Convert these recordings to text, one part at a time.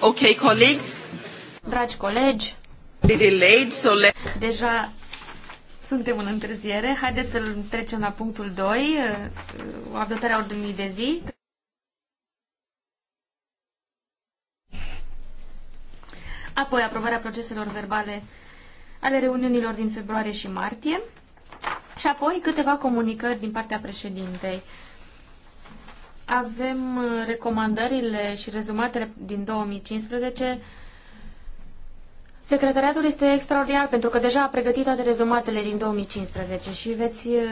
Ok, colleagues. Dragi colegi. Delayed, so let... Deja suntem în întârziere. Haideți să trecem la punctul 2, uh, adoptarea ordinii de zi. Apoi aprobarea proceselor verbale ale reuniunilor din februarie și martie. Și apoi câteva comunicări din partea președintei avem uh, recomandările și rezumatele din 2015. Secretariatul este extraordinar pentru că deja a pregătit toate rezumatele din 2015 și veți uh,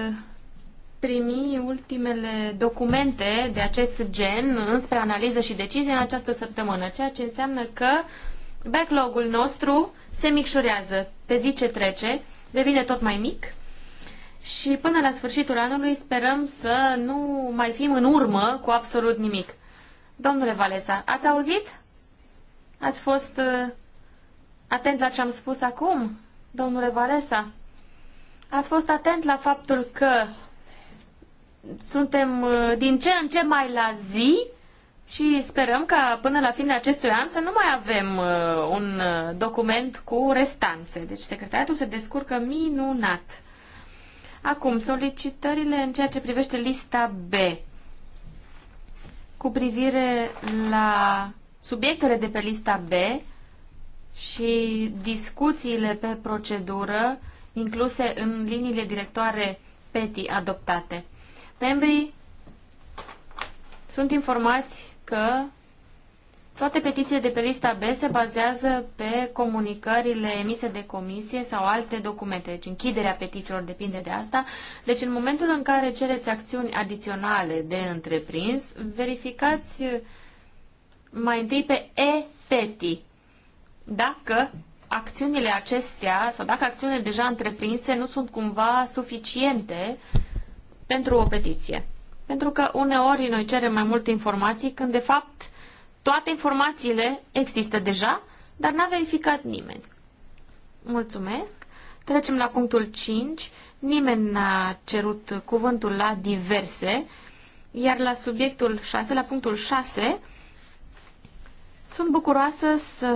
primi ultimele documente de acest gen înspre analiză și decizie în această săptămână, ceea ce înseamnă că backlogul nostru se micșorează pe zi ce trece, devine tot mai mic și până la sfârșitul anului sperăm să nu mai fim în urmă cu absolut nimic. Domnule Valesa, ați auzit? Ați fost uh, atent la ce am spus acum, domnule Valesa? Ați fost atent la faptul că suntem uh, din ce în ce mai la zi și sperăm ca până la finele acestui an să nu mai avem uh, un uh, document cu restanțe. Deci secretariatul se descurcă minunat. Acum, solicitările în ceea ce privește lista B cu privire la subiectele de pe lista B și discuțiile pe procedură incluse în liniile directoare PETI adoptate. Membrii sunt informați că toate petițiile de pe lista B se bazează pe comunicările emise de comisie sau alte documente. Deci închiderea petițiilor depinde de asta. Deci în momentul în care cereți acțiuni adiționale de întreprins, verificați uh, mai întâi pe e-peti. Dacă acțiunile acestea sau dacă acțiunile deja întreprinse nu sunt cumva suficiente pentru o petiție. Pentru că uneori noi cerem mai multe informații când de fapt toate informațiile există deja, dar n-a verificat nimeni. Mulțumesc. Trecem la punctul 5. Nimeni n-a cerut cuvântul la diverse, iar la subiectul 6, la punctul 6, sunt bucuroasă să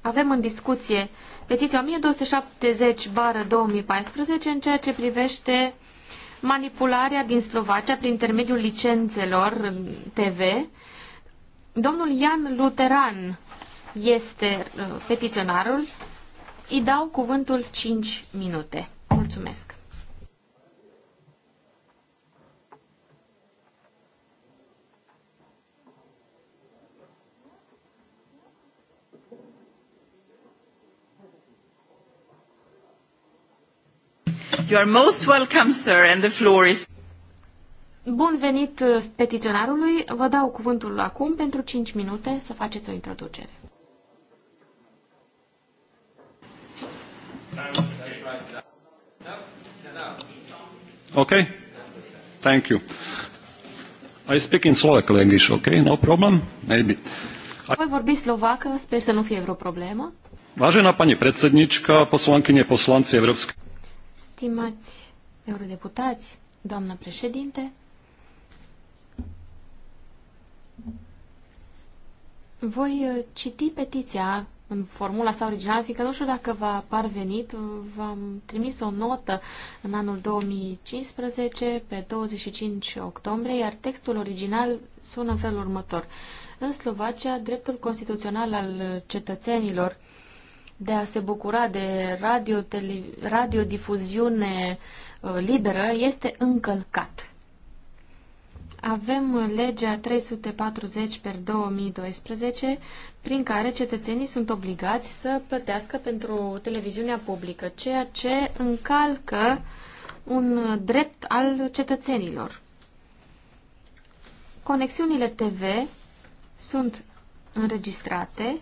avem în discuție petiția 1270 bară 2014 în ceea ce privește manipularea din Slovacia prin intermediul licențelor TV Domnul Ian Luteran este uh, petiționarul. Îi dau cuvântul 5 minute. Mulțumesc. You are most welcome, sir, and the floor is... Bun venit uh, petiționarului. Vă dau cuvântul acum pentru 5 minute să faceți o introducere. Ok? Thank you. I speak in Slovak language, ok? No problem? Maybe. Voi vorbi slovacă, sper să nu fie vreo problemă. Vážená pani predsednička, poslankyne, poslanci Európskej... Stimați eurodeputați, doamna președinte, voi uh, citi petiția în formula sa originală, fiindcă nu știu dacă v-a parvenit, uh, v-am trimis o notă în anul 2015, pe 25 octombrie, iar textul original sună în felul următor. În Slovacia, dreptul constituțional al cetățenilor de a se bucura de radio, uh, liberă este încălcat avem legea 340 per 2012, prin care cetățenii sunt obligați să plătească pentru televiziunea publică, ceea ce încalcă un drept al cetățenilor. Conexiunile TV sunt înregistrate,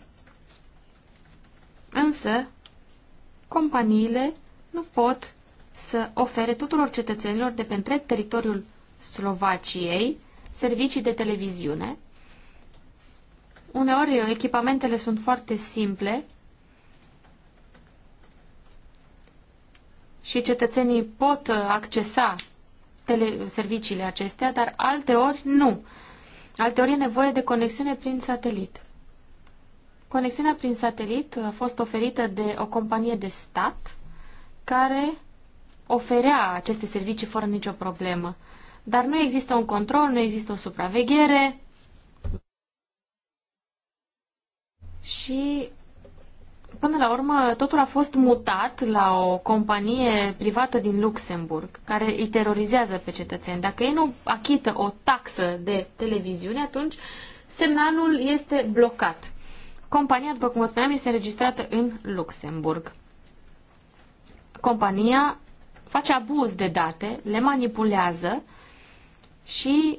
însă companiile nu pot să ofere tuturor cetățenilor de pe întreg teritoriul Slovaciei servicii de televiziune. Uneori echipamentele sunt foarte simple și cetățenii pot accesa tele- serviciile acestea, dar alteori nu. Alteori e nevoie de conexiune prin satelit. Conexiunea prin satelit a fost oferită de o companie de stat care oferea aceste servicii fără nicio problemă dar nu există un control, nu există o supraveghere și până la urmă totul a fost mutat la o companie privată din Luxemburg care îi terorizează pe cetățeni. Dacă ei nu achită o taxă de televiziune, atunci semnalul este blocat. Compania, după cum vă spuneam, este înregistrată în Luxemburg. Compania face abuz de date, le manipulează și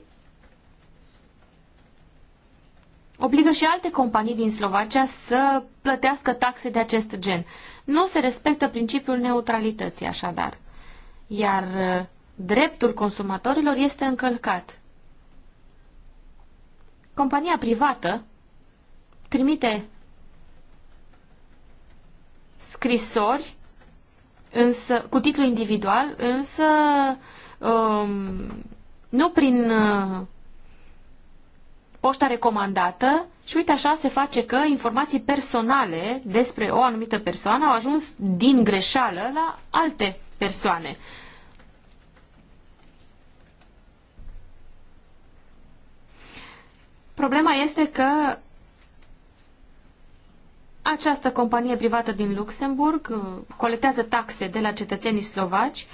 obligă și alte companii din Slovacia să plătească taxe de acest gen. Nu se respectă principiul neutralității, așadar. Iar uh, dreptul consumatorilor este încălcat. Compania privată trimite scrisori însă, cu titlu individual, însă um, nu prin uh, poșta recomandată și uite așa se face că informații personale despre o anumită persoană au ajuns din greșeală la alte persoane. Problema este că această companie privată din Luxemburg uh, colectează taxe de la cetățenii slovaci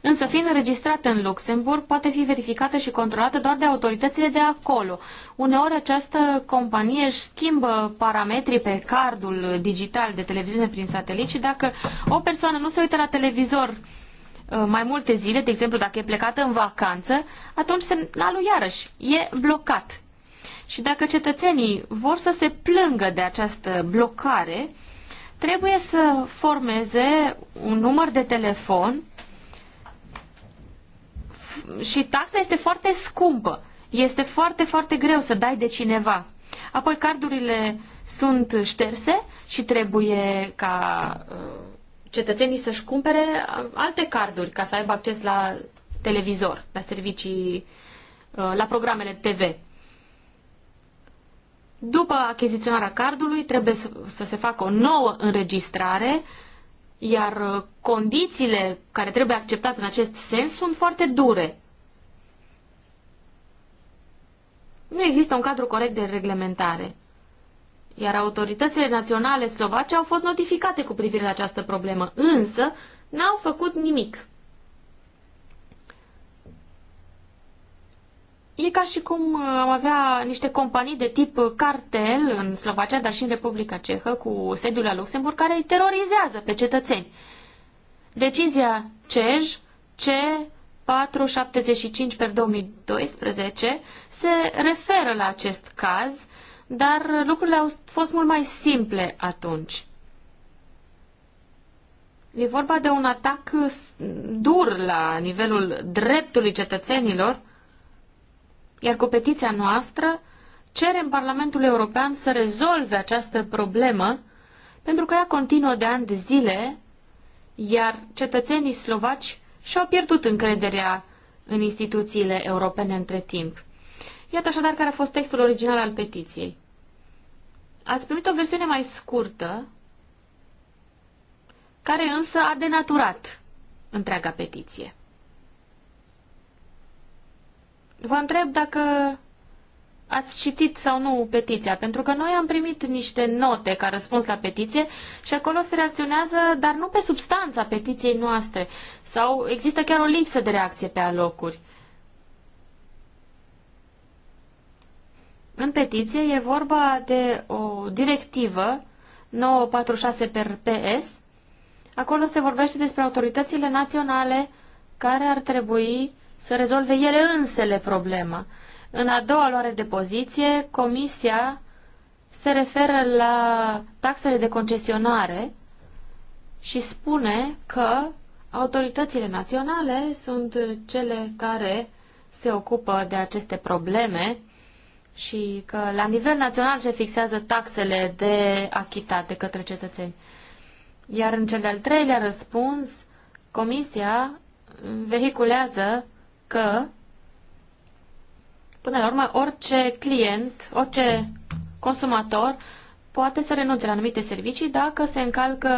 însă fiind înregistrată în Luxemburg, poate fi verificată și controlată doar de autoritățile de acolo. Uneori această companie își schimbă parametrii pe cardul digital de televiziune prin satelit și dacă o persoană nu se uită la televizor uh, mai multe zile, de exemplu dacă e plecată în vacanță, atunci semnalul iarăși e blocat. Și dacă cetățenii vor să se plângă de această blocare, trebuie să formeze un număr de telefon și taxa este foarte scumpă. Este foarte, foarte greu să dai de cineva. Apoi cardurile sunt șterse și trebuie ca uh, cetățenii să-și cumpere uh, alte carduri ca să aibă acces la televizor, la servicii, uh, la programele TV. După achiziționarea cardului trebuie să, să se facă o nouă înregistrare iar uh, condițiile care trebuie acceptate în acest sens sunt foarte dure. Nu există un cadru corect de reglementare. Iar autoritățile naționale slovace au fost notificate cu privire la această problemă, însă n-au făcut nimic. E ca și cum uh, am avea niște companii de tip cartel în Slovacia, dar și în Republica Cehă, cu sediul la Luxemburg, care îi terorizează pe cetățeni. Decizia CEJ, C475 per 2012, se referă la acest caz, dar lucrurile au fost mult mai simple atunci. E vorba de un atac dur la nivelul dreptului cetățenilor, iar cu petiția noastră cerem Parlamentul European să rezolve această problemă pentru că ea continuă de ani de zile, iar cetățenii slovaci și-au pierdut încrederea în instituțiile europene între timp. Iată așadar care a fost textul original al petiției. Ați primit o versiune mai scurtă, care însă a denaturat întreaga petiție. Vă întreb dacă ați citit sau nu petiția, pentru că noi am primit niște note ca răspuns la petiție și acolo se reacționează, dar nu pe substanța petiției noastre, sau există chiar o lipsă de reacție pe alocuri. În petiție e vorba de o directivă 946 per PS. Acolo se vorbește despre autoritățile naționale care ar trebui să rezolve ele însele problema. În a doua luare de poziție, Comisia se referă la taxele de concesionare și spune că autoritățile naționale sunt cele care se ocupă de aceste probleme și că la nivel național se fixează taxele de achitate către cetățeni. Iar în cel de-al treilea răspuns, Comisia vehiculează că, până la urmă, orice client, orice consumator poate să renunțe la anumite servicii dacă se încalcă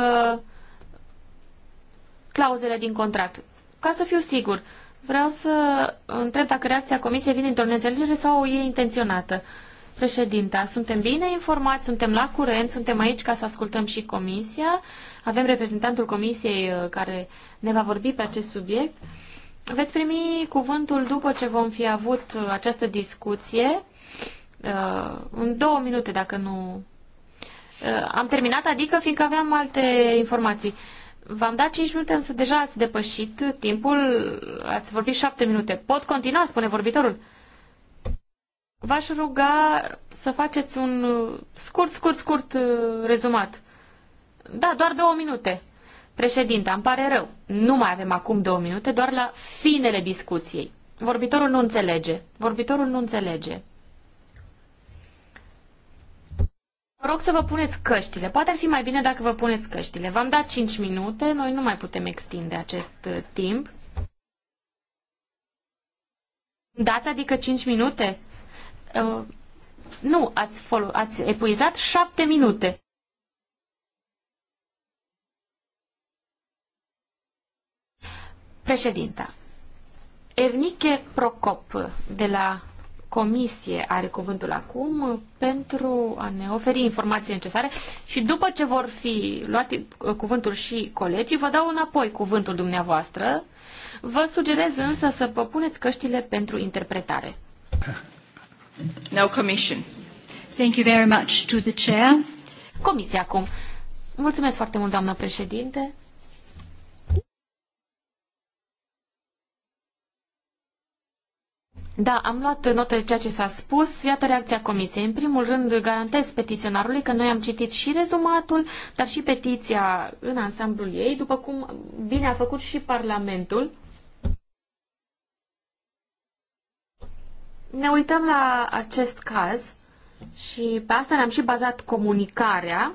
clauzele din contract. Ca să fiu sigur, vreau să întreb dacă reacția comisiei vine dintr-o neînțelegere sau e intenționată. Președinta, suntem bine informați, suntem la curent, suntem aici ca să ascultăm și comisia. Avem reprezentantul comisiei uh, care ne va vorbi pe acest subiect. Veți primi cuvântul după ce vom fi avut această discuție, uh, în două minute, dacă nu... Uh, am terminat, adică fiindcă aveam alte informații. V-am dat 5 minute, însă deja ați depășit timpul, ați vorbit 7 minute. Pot continua, spune vorbitorul. V-aș ruga să faceți un scurt, scurt, scurt uh, rezumat. Da, doar două minute. Președinte, îmi pare rău. Nu mai avem acum două minute, doar la finele discuției. Vorbitorul nu înțelege. Vorbitorul nu înțelege. Vă rog să vă puneți căștile. Poate ar fi mai bine dacă vă puneți căștile. V-am dat 5 minute, noi nu mai putem extinde acest uh, timp. Dați adică 5 minute? Uh, nu, ați, ați epuizat 7 minute. Președinte, Evnike Procop de la Comisie are cuvântul acum pentru a ne oferi informații necesare și după ce vor fi luat uh, cuvântul și colegii, vă dau înapoi cuvântul dumneavoastră. Vă sugerez însă să vă puneți căștile pentru interpretare. Now commission. Thank you very much to the chair. Comisia acum. Mulțumesc foarte mult, doamnă președinte. Da, am luat notă de ceea ce s-a spus. Iată reacția comisiei. În primul rând, garantez petiționarului că noi am citit și rezumatul, dar și petiția în ansamblul ei, după cum bine a făcut și Parlamentul. Ne uităm la acest caz și pe asta ne-am și bazat comunicarea.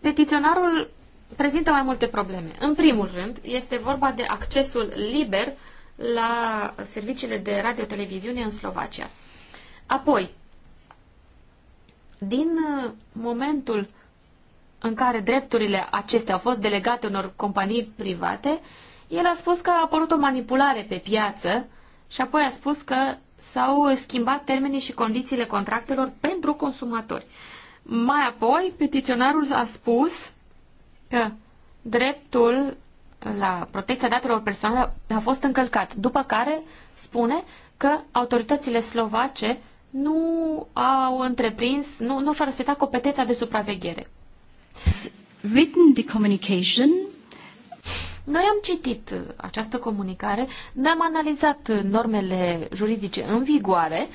Petiționarul prezintă mai multe probleme. În primul rând, este vorba de accesul liber la serviciile de radio-televiziune în Slovacia. Apoi, din uh, momentul în care drepturile acestea au fost delegate unor companii private, el a spus că a apărut o manipulare pe piață și apoi a spus că s-au schimbat termenii și condițiile contractelor pentru consumatori. Mai apoi, petiționarul a spus că dreptul la protecția datelor personale a fost încălcat, după care spune că autoritățile slovace nu au întreprins, nu, nu și-au respectat competența de supraveghere. Written communication. Noi am citit această comunicare, ne-am analizat normele juridice în vigoare,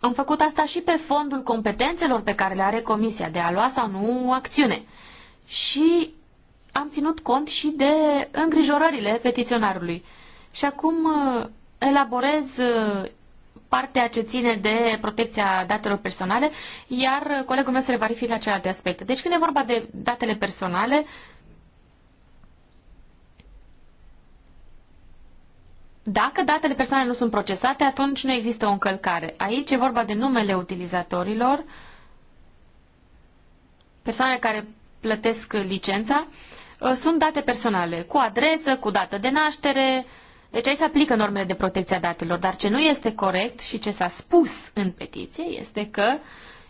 am făcut asta și pe fondul competențelor pe care le are Comisia de a lua sau nu acțiune. Și am ținut cont și de îngrijorările petiționarului. Și acum uh, elaborez uh, partea ce ține de protecția datelor personale, iar colegul meu se va referi la celelalte aspecte. Deci când e vorba de datele personale, Dacă datele personale nu sunt procesate, atunci nu există o încălcare. Aici e vorba de numele utilizatorilor, persoane care plătesc licența Uh, sunt date personale, cu adresă, cu dată de naștere. Deci aici se aplică normele de protecție a datelor, dar ce nu este corect și ce s-a spus în petiție este că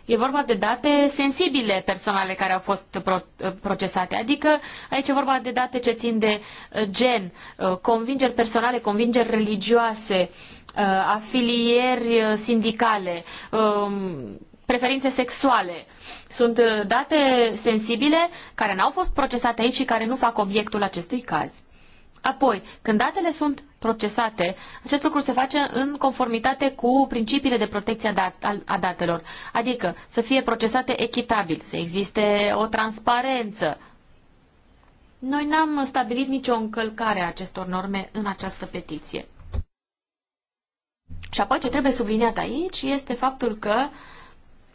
e vorba de date sensibile personale care au fost uh, procesate. Adică aici e vorba de date ce țin de uh, gen, convingeri personale, convingeri religioase, afilieri sindicale, um, preferințe sexuale. Sunt uh, date sensibile care n-au fost procesate aici și care nu fac obiectul acestui caz. Apoi, când datele sunt procesate, acest lucru se face în conformitate cu principiile de protecție a datelor, adică să fie procesate echitabil, să existe o transparență. Noi n-am stabilit nicio încălcare a acestor norme în această petiție. Și apoi ce trebuie subliniat aici este faptul că uh,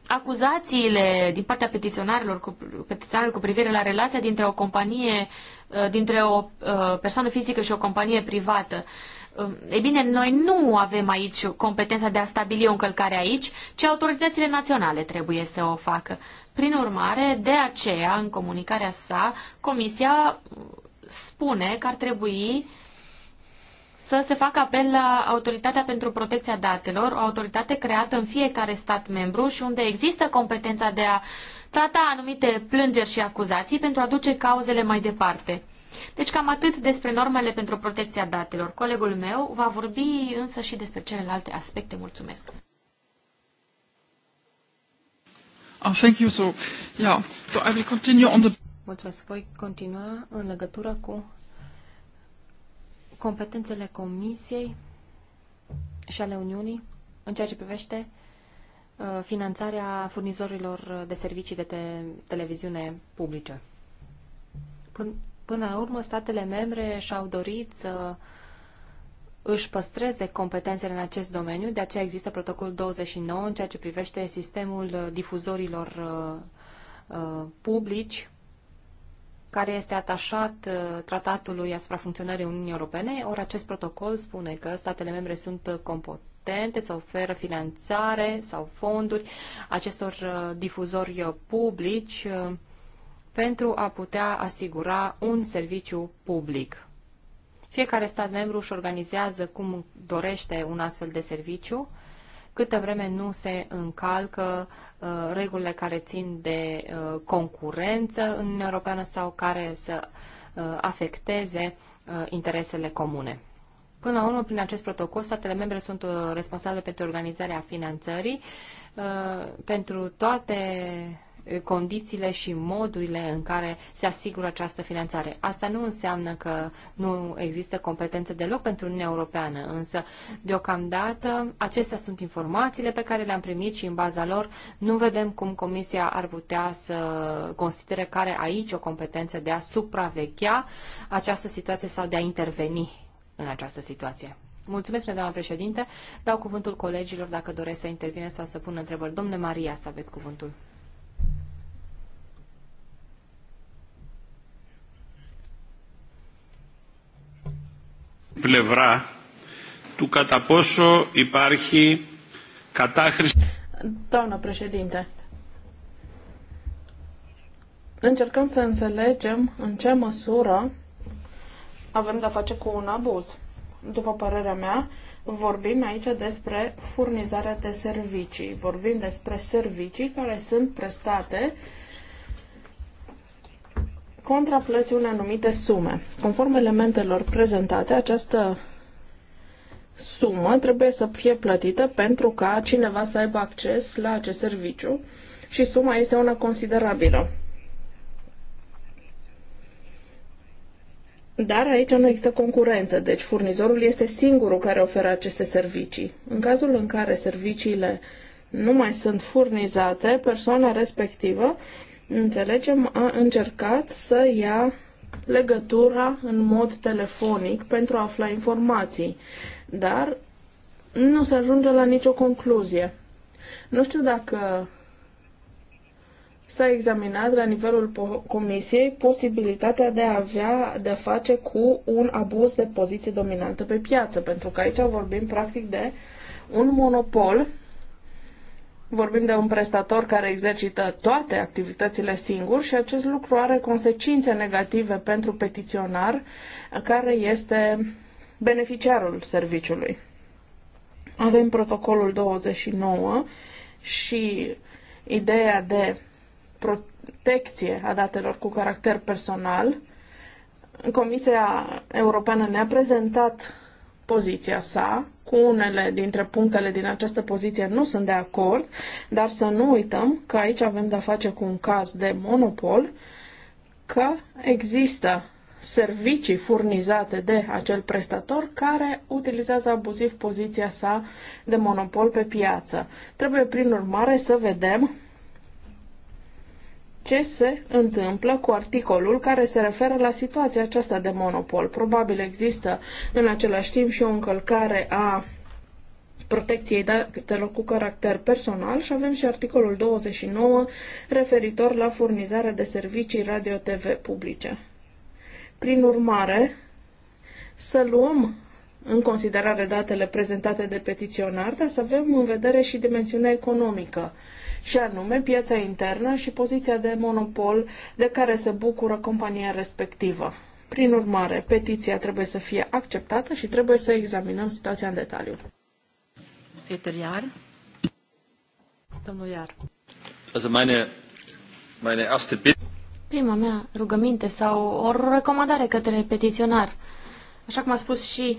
acuzațiile din partea petiționarilor cu, petiționarilor cu privire la relația dintre o companie, uh, dintre o uh, persoană fizică și o companie privată. Um, e bine, noi nu avem aici competența de a stabili o încălcare aici, ci autoritățile naționale trebuie să o facă. Prin urmare, de aceea, în comunicarea sa, Comisia spune că ar trebui uh, să se facă apel la Autoritatea pentru Protecția Datelor, o autoritate creată în fiecare stat membru și unde există competența de a trata anumite plângeri și acuzații pentru a duce cauzele mai departe. Deci cam atât despre normele pentru protecția datelor. Colegul meu va vorbi însă și despre celelalte aspecte. Mulțumesc! Oh, thank you. So, yeah. so I will continue on the... Mulțumesc. Voi continua în legătură cu competențele Comisiei și ale Uniunii în ceea ce privește uh, finanțarea furnizorilor de servicii de te televiziune publice. Pân până la urmă, statele membre și-au dorit să își păstreze competențele în acest domeniu, de aceea există protocolul 29 în ceea ce privește sistemul difuzorilor uh, uh, publici care este atașat uh, tratatului asupra funcționării Uniunii Europene, ori acest protocol spune că statele membre sunt competente să oferă finanțare sau fonduri acestor uh, difuzori publici uh, pentru a putea asigura un serviciu public. Fiecare stat membru își organizează cum dorește un astfel de serviciu câtă vreme nu se încalcă uh, regulile care țin de uh, concurență în Uniunea Europeană sau care să uh, afecteze interesele comune. Până la urmă, prin acest protocol, statele membre sunt responsabile pentru organizarea finanțării pentru toate condițiile și modurile în care se asigură această finanțare. Asta nu înseamnă că nu există competențe deloc pentru Uniunea Europeană, însă deocamdată acestea sunt informațiile pe care le-am primit și în baza lor nu vedem cum Comisia ar putea să considere că are aici o competență de a supraveghea această situație sau de a interveni în această situație. Mulțumesc, doamna președinte. Dau cuvântul colegilor dacă doresc să intervine sau să pună întrebări. Domnule Maria, să aveți cuvântul. Plevra, tu κατά πόσο υπάρχει κατάχρηση... Doamnă președinte, încercăm să înțelegem în ce măsură avem de-a face cu un abuz. După părerea mea, vorbim aici despre furnizarea de servicii. Vorbim despre servicii care sunt prestate uh, Contra plății unei anumite sume. Conform elementelor prezentate, această sumă trebuie să fie plătită pentru ca cineva să aibă acces la acest serviciu și suma este una considerabilă. Dar aici nu există concurență, deci furnizorul este singurul care oferă aceste servicii. În cazul în care serviciile nu mai sunt furnizate, persoana respectivă înțelegem, a încercat să ia legătura în mod telefonic pentru a afla informații, dar nu se ajunge la nicio concluzie. Nu știu dacă s-a examinat la nivelul comisiei posibilitatea de a avea de a face cu un abuz de poziție dominantă pe piață, pentru că aici vorbim practic de un monopol Vorbim de un prestator care exercită toate activitățile singur și acest lucru are consecințe negative pentru petiționar care este beneficiarul serviciului. Avem protocolul 29 și ideea de protecție a datelor cu caracter personal. Comisia Europeană ne-a prezentat poziția sa cu unele dintre punctele din această poziție nu sunt de acord, dar să nu uităm că aici avem de-a face cu un caz de monopol, că există servicii furnizate de acel prestator care utilizează abuziv poziția sa de monopol pe piață. Trebuie, prin urmare, să vedem ce se întâmplă cu articolul care se referă la situația aceasta de monopol. Probabil există în același timp și o încălcare a protecției datelor cu caracter personal și avem și articolul 29 referitor la furnizarea de servicii radio-TV publice. Prin urmare, să luăm în considerare datele prezentate de petiționar, dar să avem în vedere și dimensiunea economică și anume piața internă și poziția de monopol de care se bucură compania respectivă. Prin urmare, petiția trebuie să fie acceptată și trebuie să examinăm situația în detaliu. Peter Iar. Domnul Iar. Also meine, meine erste Bitte. Prima mea rugăminte sau o recomandare către petiționar. Așa cum a spus și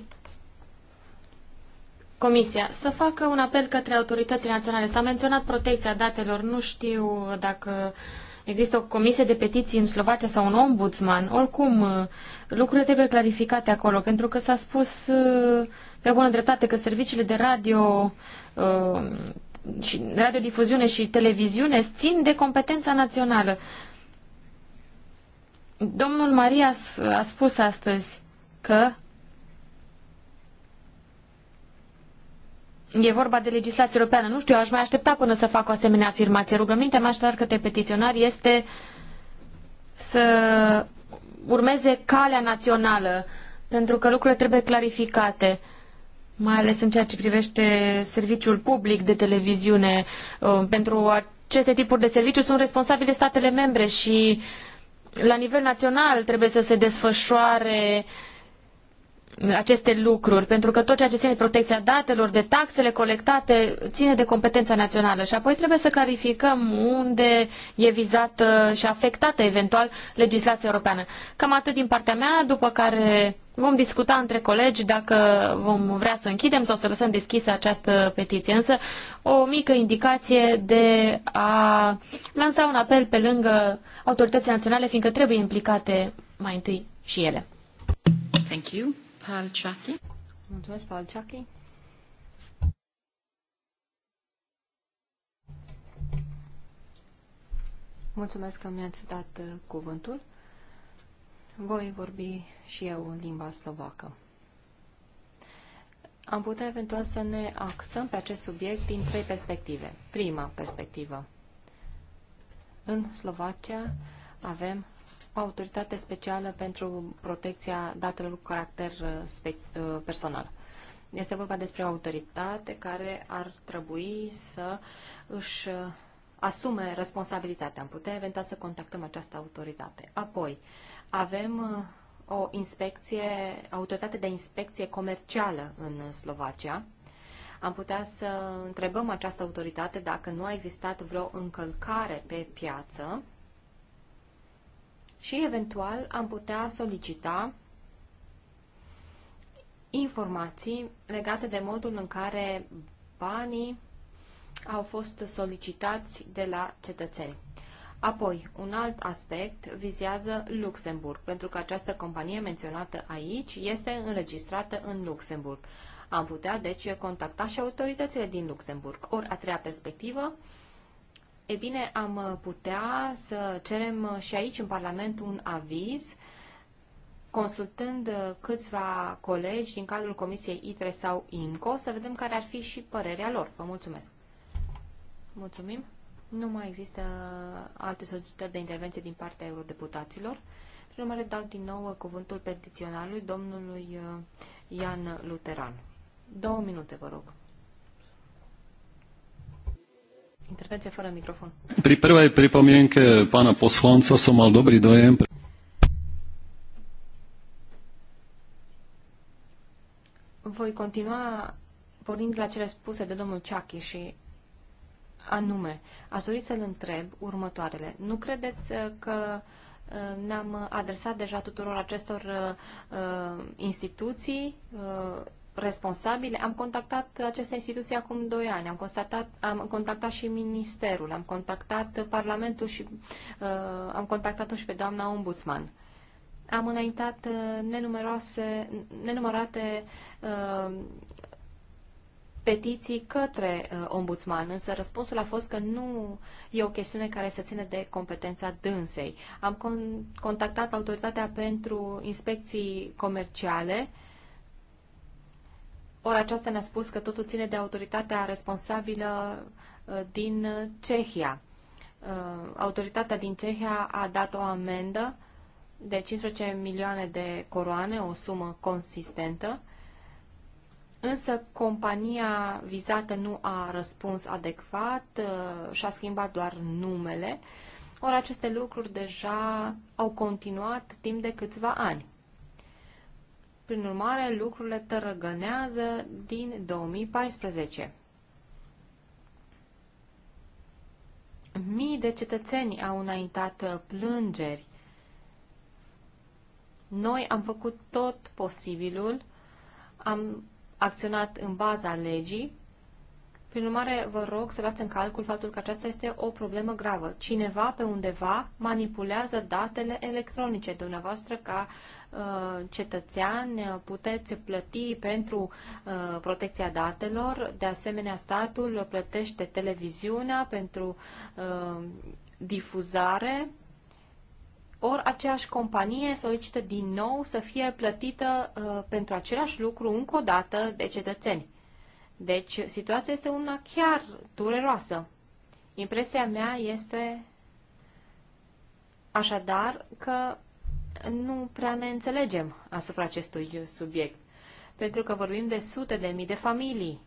Comisia să facă un apel către autoritățile naționale. S-a menționat protecția datelor. Nu știu dacă există o comisie de petiții în Slovacia sau un ombudsman. Oricum, lucrurile trebuie clarificate acolo, pentru că s-a spus uh, pe bună dreptate că serviciile de radio uh, și radiodifuziune și televiziune țin de competența națională. Domnul Marias a spus astăzi că E vorba de legislație europeană. Nu știu, aș mai aștepta până să fac o asemenea afirmație. Rugămintea mea așadar către petiționar este să urmeze calea națională, pentru că lucrurile trebuie clarificate, mai ales în ceea ce privește serviciul public de televiziune. Uh, pentru aceste tipuri de serviciu sunt responsabile statele membre și la nivel național trebuie să se desfășoare uh, aceste lucruri, pentru că tot ceea ce ține de protecția datelor, de taxele colectate, ține de competența națională. Și apoi trebuie să clarificăm unde e vizată și afectată eventual legislația europeană. Cam atât din partea mea, după care vom discuta între colegi dacă vom vrea să închidem sau să lăsăm deschisă această petiție. Însă o mică indicație de a lansa un apel pe lângă autoritățile naționale, fiindcă trebuie implicate mai întâi și ele. Thank you. Paul Mulțumesc, Paul Mulțumesc că mi-ați dat uh, cuvântul. Voi vorbi și eu în limba slovacă. Am putea eventual să ne axăm pe acest subiect din trei perspective. Prima perspectivă. În Slovacia avem autoritate specială pentru protecția datelor cu caracter uh, uh, personal. Este vorba despre o autoritate care ar trebui să își uh, asume responsabilitatea. Am putea eventual să contactăm această autoritate. Apoi, avem o inspecție, autoritate de inspecție comercială în Slovacia. Am putea să întrebăm această autoritate dacă nu a existat vreo încălcare pe piață și eventual am putea solicita informații legate de modul în care banii au fost solicitați de la cetățeni. Apoi, un alt aspect vizează Luxemburg, pentru că această companie menționată aici este înregistrată în Luxemburg. Am putea, deci, contacta și autoritățile din Luxemburg. Ori, a treia perspectivă E bine, am putea să cerem și aici în Parlament un aviz consultând câțiva colegi din cadrul Comisiei ITRE sau INCO, să vedem care ar fi și părerea lor. Vă mulțumesc! Mulțumim! Nu mai există alte solicitări de intervenție din partea eurodeputaților. Prin urmare, dau din nou cuvântul petiționarului, domnului uh, Ian Luteran. Două minute, vă rog. Intervenție fără microfon. Pri prvej pripomienke pána poslanca som mal dobrý dojem. Voi continua pornind la cele spuse de domnul Ciachi și anume, aș dori să-l întreb următoarele. Nu credeți uh, că uh, ne-am adresat deja tuturor acestor uh, uh instituții, uh, responsabile. Am contactat aceste instituții acum doi ani, am, constatat, am contactat și Ministerul, am contactat Parlamentul și uh, am contactat-o și pe doamna ombudsman. Am înaintat uh, nenumeroase, nenumărate uh, petiții către uh, ombudsman, însă răspunsul a fost că nu e o chestiune care se ține de competența dânsei. Am con- contactat autoritatea pentru inspecții comerciale uh, ori aceasta ne-a spus că totul ține de autoritatea responsabilă uh, din Cehia. Uh, autoritatea din Cehia a dat o amendă de 15 milioane de coroane, o sumă consistentă, însă compania vizată nu a răspuns adecvat, uh, și-a schimbat doar numele, ori aceste lucruri deja au continuat timp de câțiva ani. Prin urmare, lucrurile tărăgănează din 2014. Mii de cetățeni au înaintat plângeri. Noi am făcut tot posibilul, am acționat în baza legii prin urmare, vă rog să luați în calcul faptul că aceasta este o problemă gravă. Cineva pe undeva manipulează datele electronice. Dumneavoastră, ca uh, cetățean, puteți plăti pentru uh, protecția datelor. De asemenea, statul plătește televiziunea pentru uh, difuzare. Ori aceeași companie solicită din nou să fie plătită uh, pentru același lucru încă o dată de cetățeni. Deci, situația este una chiar dureroasă. Impresia mea este așadar că nu prea ne înțelegem asupra acestui subiect, pentru că vorbim de sute de mii de familii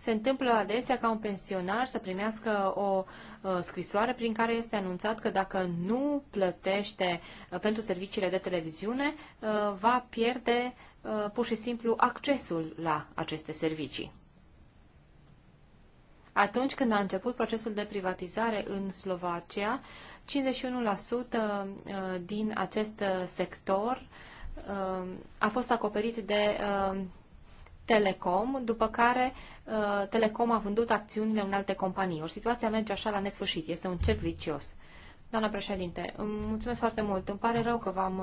se întâmplă adesea ca un pensionar să primească o uh, scrisoare prin care este anunțat că dacă nu plătește uh, pentru serviciile de televiziune, uh, va pierde pur și simplu accesul la aceste servicii. Atunci când a început procesul de privatizare în Slovacia, 51% din acest sector a fost acoperit de Telecom, după care uh, Telecom a vândut acțiunile în alte companii. O situația merge așa la nesfârșit, este un cerc vicios. Doamna președinte, mulțumesc foarte mult. Îmi pare rău că v-am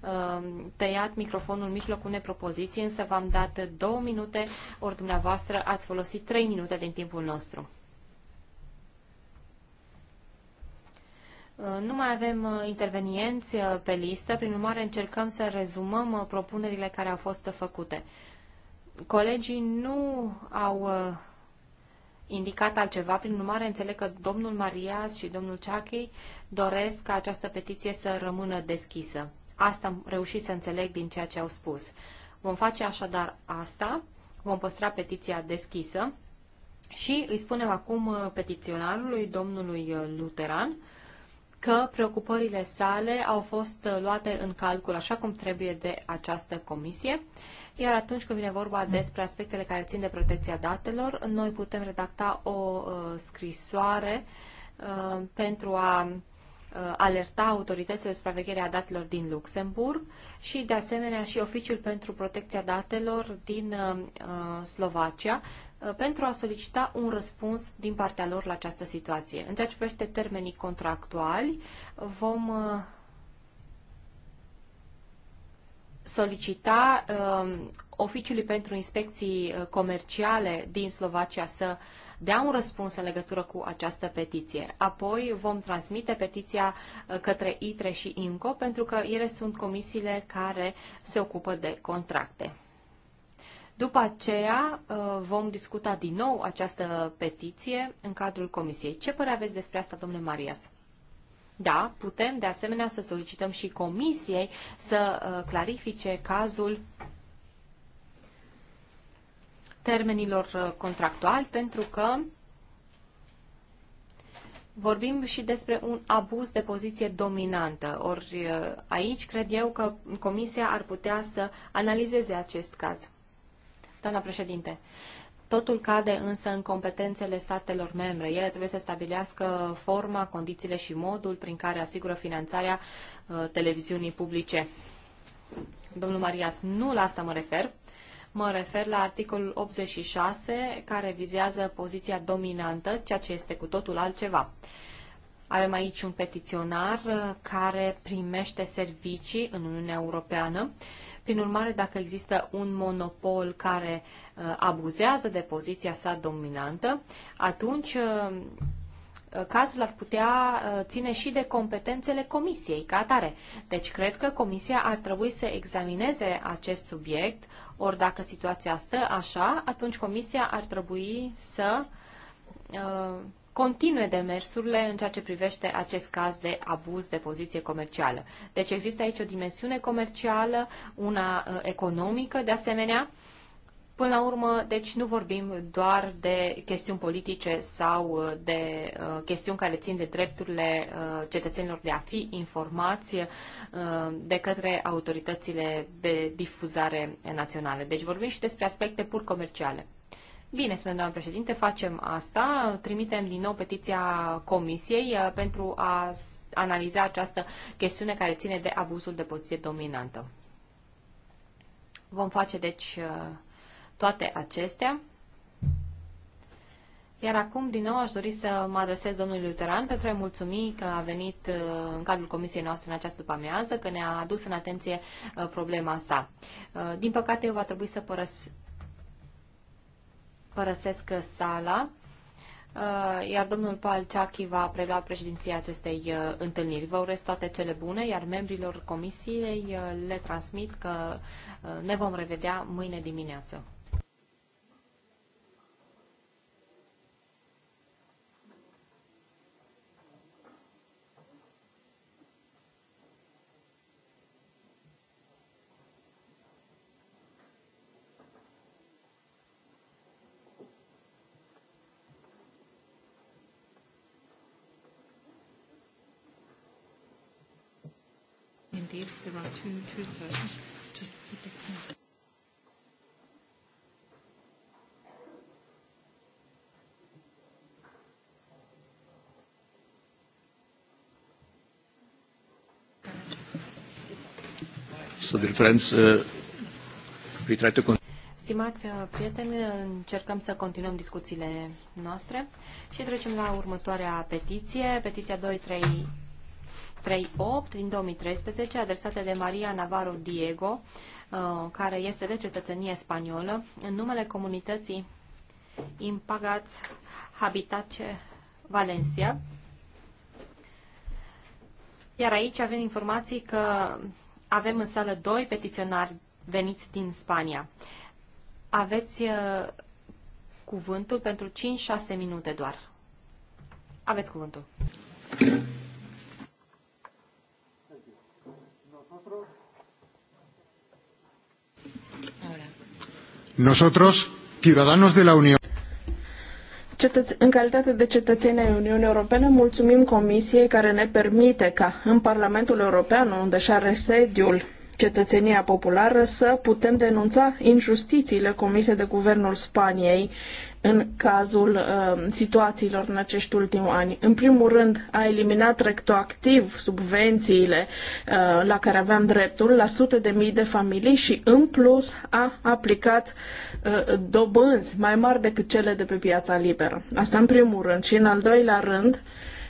uh, tăiat microfonul în mijlocul unei propoziții, însă v-am dat două minute, ori dumneavoastră ați folosit trei minute din timpul nostru. Uh, nu mai avem uh, intervenienți uh, pe listă, prin urmare încercăm să rezumăm propunerile care au fost făcute. Colegii nu au uh, indicat altceva, prin urmare înțeleg că domnul Marias și domnul Ceachei doresc ca această petiție să rămână deschisă. Asta am reușit să înțeleg din ceea ce au spus. Vom face așadar asta, vom păstra petiția deschisă și îi spunem acum uh, petiționarului, domnului uh, Luteran, că preocupările sale au fost uh, luate în calcul așa cum trebuie de această comisie iar atunci când vine vorba despre aspectele care țin de protecția datelor, noi putem redacta o uh, scrisoare uh, pentru a uh, alerta autoritățile de supraveghere a datelor din Luxemburg și, de asemenea, și Oficiul pentru Protecția Datelor din Slovacia pentru a solicita un răspuns din partea lor la această situație. În ceea ce privește termenii contractuali, vom solicita um, Oficiului pentru Inspecții uh, Comerciale din Slovacia să dea un răspuns în legătură cu această petiție. Apoi vom transmite petiția uh, către ITRE și IMCO pentru că ele sunt comisiile care se ocupă de contracte. După aceea uh, vom discuta din nou această petiție în cadrul comisiei. Ce părere aveți despre asta, domnule Marias? Da, putem de asemenea să solicităm și comisiei să uh, clarifice cazul termenilor uh, contractuali, pentru că vorbim și despre un abuz de poziție dominantă. Ori uh, aici cred eu că comisia ar putea să analizeze acest caz. Doamna președinte, Totul cade însă în competențele statelor membre. Ele trebuie să stabilească forma, condițiile și modul prin care asigură finanțarea uh, televiziunii publice. Domnul Marias, nu la asta mă refer. Mă refer la articolul 86, care vizează poziția dominantă, ceea ce este cu totul altceva. Avem aici un petiționar uh, care primește servicii în Uniunea Europeană prin urmare, dacă există un monopol care uh, abuzează de poziția sa dominantă, atunci uh, cazul ar putea uh, ține și de competențele comisiei ca atare. Deci cred că comisia ar trebui să examineze acest subiect, ori dacă situația stă așa, atunci comisia ar trebui să uh, continue demersurile în ceea ce privește acest caz de abuz de poziție comercială. Deci există aici o dimensiune comercială, una uh, economică de asemenea. Până la urmă, deci nu vorbim doar de chestiuni politice sau uh, de uh, chestiuni care țin de drepturile uh, cetățenilor de a fi informați uh, de către autoritățile de difuzare naționale. Deci vorbim și despre aspecte pur comerciale. Bine, spune doamna președinte, facem asta. Trimitem din nou petiția comisiei uh, pentru a analiza această chestiune care ține de abuzul de poziție dominantă. Vom face, deci, uh, toate acestea. Iar acum, din nou, aș dori să mă adresez domnului Luteran pentru a-i mulțumi că a venit uh, în cadrul comisiei noastre în această după că ne-a adus în atenție problema sa. Din păcate, eu va trebui să părăs părăsesc sala, uh, iar domnul Palceachi va prelua președinția acestei uh, întâlniri. Vă urez toate cele bune, iar membrilor comisiei uh, le transmit că ne vom revedea mâine dimineață. around two 2.30. Just So, dear friends, uh, we try to Stimați uh, prieteni, încercăm să continuăm discuțiile noastre și trecem la următoarea petiție, petiția 239 38 din 2013, adresată de Maria Navarro Diego, uh, care este de cetățenie spaniolă, în numele comunității Impagați Habitace Valencia. Iar aici avem informații că avem în sală doi petiționari veniți din Spania. Aveți uh, cuvântul pentru 5-6 minute doar. Aveți cuvântul. Nosotros, ciudadanos de la Unión. în calitate de cetățeni ai Uniunii Europene, mulțumim Comisiei care ne permite ca în Parlamentul European, unde și are sediul cetățenia populară să putem denunța injustițiile comise de guvernul Spaniei în cazul uh, situațiilor în acești ultimi ani. În primul rând, a eliminat retroactiv subvențiile uh, la care aveam dreptul la sute de mii de familii și, în plus, a aplicat uh, dobânzi mai mari decât cele de pe piața liberă. Asta în primul rând. Și, în al doilea rând,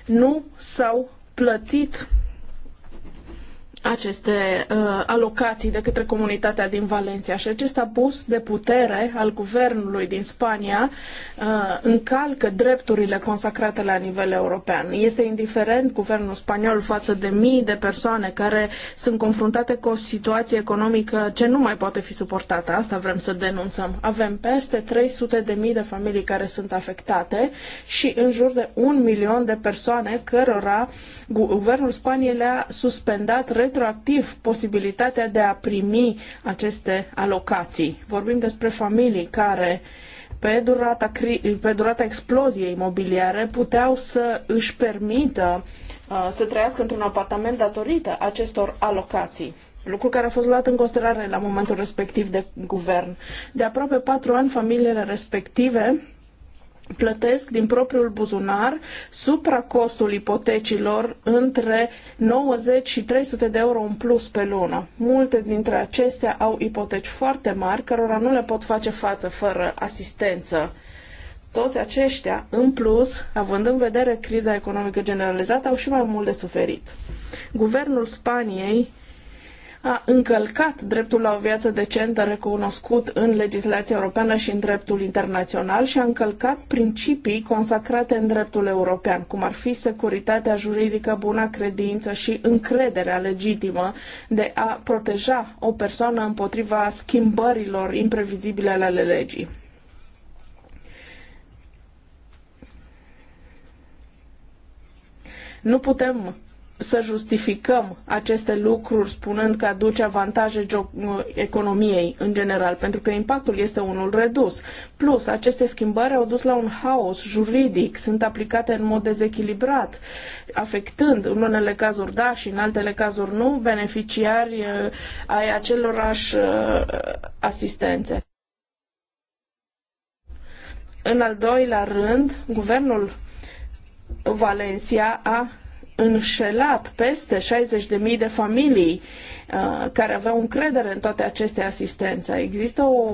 nu s-au plătit aceste uh, alocații de către comunitatea din Valencia și acest abuz de putere al guvernului din Spania uh, încalcă drepturile consacrate la nivel european. Este indiferent guvernul spaniol față de mii de persoane care sunt confruntate cu o situație economică ce nu mai poate fi suportată. Asta vrem să denunțăm. Avem peste 300 de mii de familii care sunt afectate și în jur de un milion de persoane cărora guvernul Spaniei le-a suspendat retroactiv posibilitatea de a primi aceste alocații. Vorbim despre familii care pe durata, pe durata exploziei imobiliare puteau să își permită uh, să trăiască într-un apartament datorită acestor alocații. Lucru care a fost luat în considerare la momentul respectiv de guvern. De aproape patru ani, familiile respective plătesc din propriul buzunar supracostul ipotecilor între 90 și 300 de euro în plus pe lună. Multe dintre acestea au ipoteci foarte mari, cărora nu le pot face față fără asistență. Toți aceștia, în plus, având în vedere criza economică generalizată, au și mai mult de suferit. Guvernul Spaniei a încălcat dreptul la o viață decentă recunoscut în legislația europeană și în dreptul internațional și a încălcat principii consacrate în dreptul european, cum ar fi securitatea juridică, buna credință și încrederea legitimă de a proteja o persoană împotriva schimbărilor imprevizibile ale legii. Nu putem să justificăm aceste lucruri spunând că aduce avantaje economiei în general, pentru că impactul este unul redus. Plus, aceste schimbări au dus la un haos juridic, sunt aplicate în mod dezechilibrat, afectând în unele cazuri da și în altele cazuri nu beneficiari uh, ai acelorași uh, asistențe. În al doilea rând, guvernul Valencia a înșelat peste 60.000 de familii uh, care aveau încredere în toate aceste asistențe. Există o,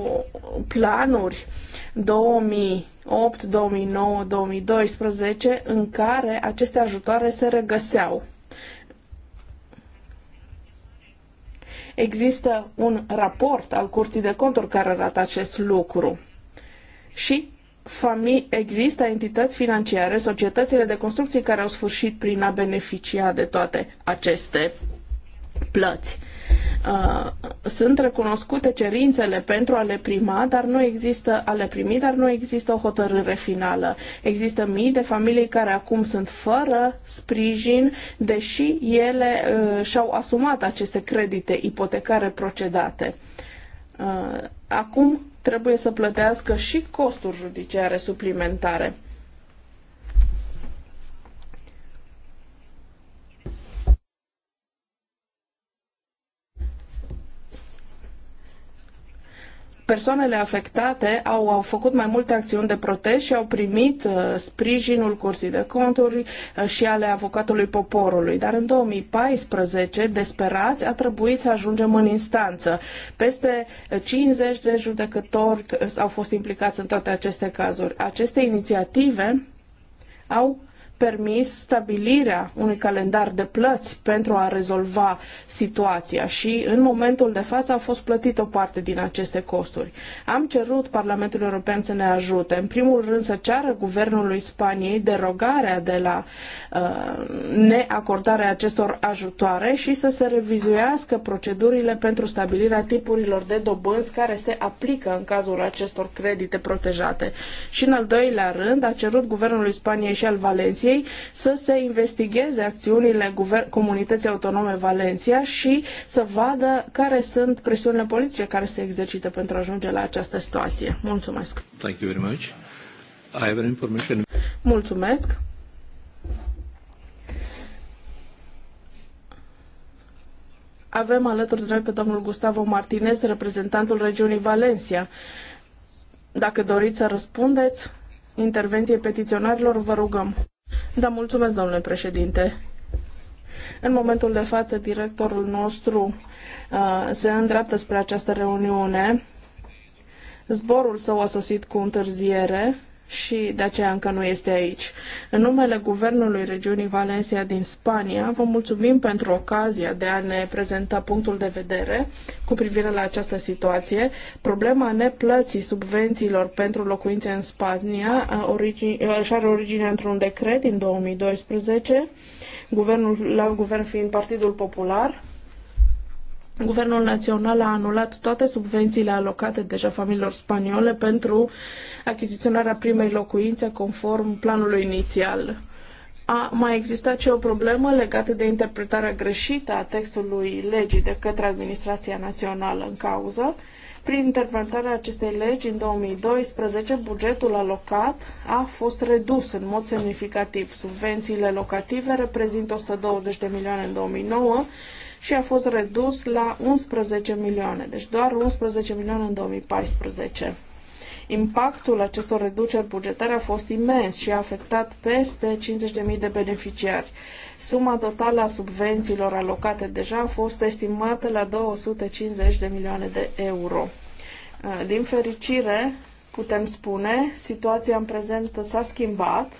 planuri 2008, 2009, 2012 în care aceste ajutoare se regăseau. Există un raport al Curții de Conturi care arată acest lucru. Și Famili- există entități financiare, societățile de construcții care au sfârșit prin a beneficia de toate aceste plăți. Uh, sunt recunoscute cerințele pentru a le prima, dar nu există a le primi, dar nu există o hotărâre finală. Există mii de familii care acum sunt fără sprijin, deși ele uh, și-au asumat aceste credite ipotecare procedate. Uh, acum trebuie să plătească și costuri judiciare suplimentare. Persoanele afectate au, au făcut mai multe acțiuni de protest și au primit uh, sprijinul Curții de Conturi uh, și ale Avocatului Poporului. Dar în 2014, desperați, a trebuit să ajungem în instanță. Peste 50 de judecători au fost implicați în toate aceste cazuri. Aceste inițiative au permis stabilirea unui calendar de plăți pentru a rezolva situația și în momentul de față a fost plătit o parte din aceste costuri. Am cerut Parlamentul European să ne ajute, în primul rând să ceară Guvernului Spaniei derogarea de la uh, neacordarea acestor ajutoare și să se revizuiască procedurile pentru stabilirea tipurilor de dobânzi care se aplică în cazul acestor credite protejate. Și în al doilea rând a cerut Guvernului Spaniei și al Valenției Valenciei să se investigheze acțiunile comunității autonome Valencia și să vadă care sunt presiunile politice care se exercită pentru a ajunge la această situație. Mulțumesc! Thank you very much. I have an information. Mulțumesc! avem alături de noi pe domnul Gustavo Martinez, reprezentantul regiunii Valencia. Dacă doriți să răspundeți intervenției petiționarilor, vă rugăm. Da, mulțumesc, domnule președinte. În momentul de față, directorul nostru uh, se îndreaptă spre această reuniune. Zborul său a sosit cu întârziere și de aceea încă nu este aici. În numele Guvernului Regiunii Valencia din Spania, vă mulțumim pentru ocazia de a ne prezenta punctul de vedere cu privire la această situație. Problema neplății subvențiilor pentru locuințe în Spania și are origine într-un decret din 2012, guvernul, la guvern fiind Partidul Popular, Guvernul național a anulat toate subvențiile alocate deja familiilor spaniole pentru achiziționarea primei locuințe conform planului inițial. A mai existat și o problemă legată de interpretarea greșită a textului legii de către administrația națională în cauză. Prin interpretarea acestei legi, în 2012, bugetul alocat a fost redus în mod semnificativ. Subvențiile locative reprezintă 120 de milioane în 2009 și a fost redus la 11 milioane, deci doar 11 milioane în 2014. Impactul acestor reduceri bugetare a fost imens și a afectat peste 50.000 de beneficiari. Suma totală a subvențiilor alocate deja a fost estimată la 250 de milioane de euro. Din fericire, putem spune, situația în prezent s-a schimbat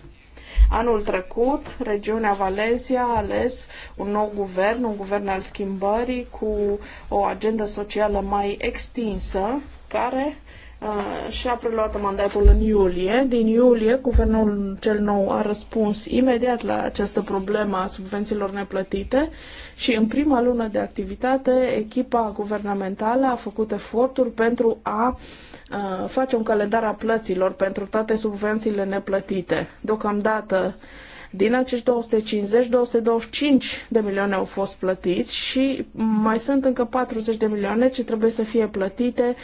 Anul trecut, regiunea Valezia a ales un nou guvern, un guvern al schimbării cu o agendă socială mai extinsă, care Uh, și-a preluat mandatul în iulie. Din iulie, guvernul cel nou a răspuns imediat la această problemă a subvențiilor neplătite și în prima lună de activitate, echipa guvernamentală a făcut eforturi pentru a uh, face un calendar a plăților pentru toate subvențiile neplătite. Deocamdată, din acești 250, 225 de milioane au fost plătiți și mai sunt încă 40 de milioane ce trebuie să fie plătite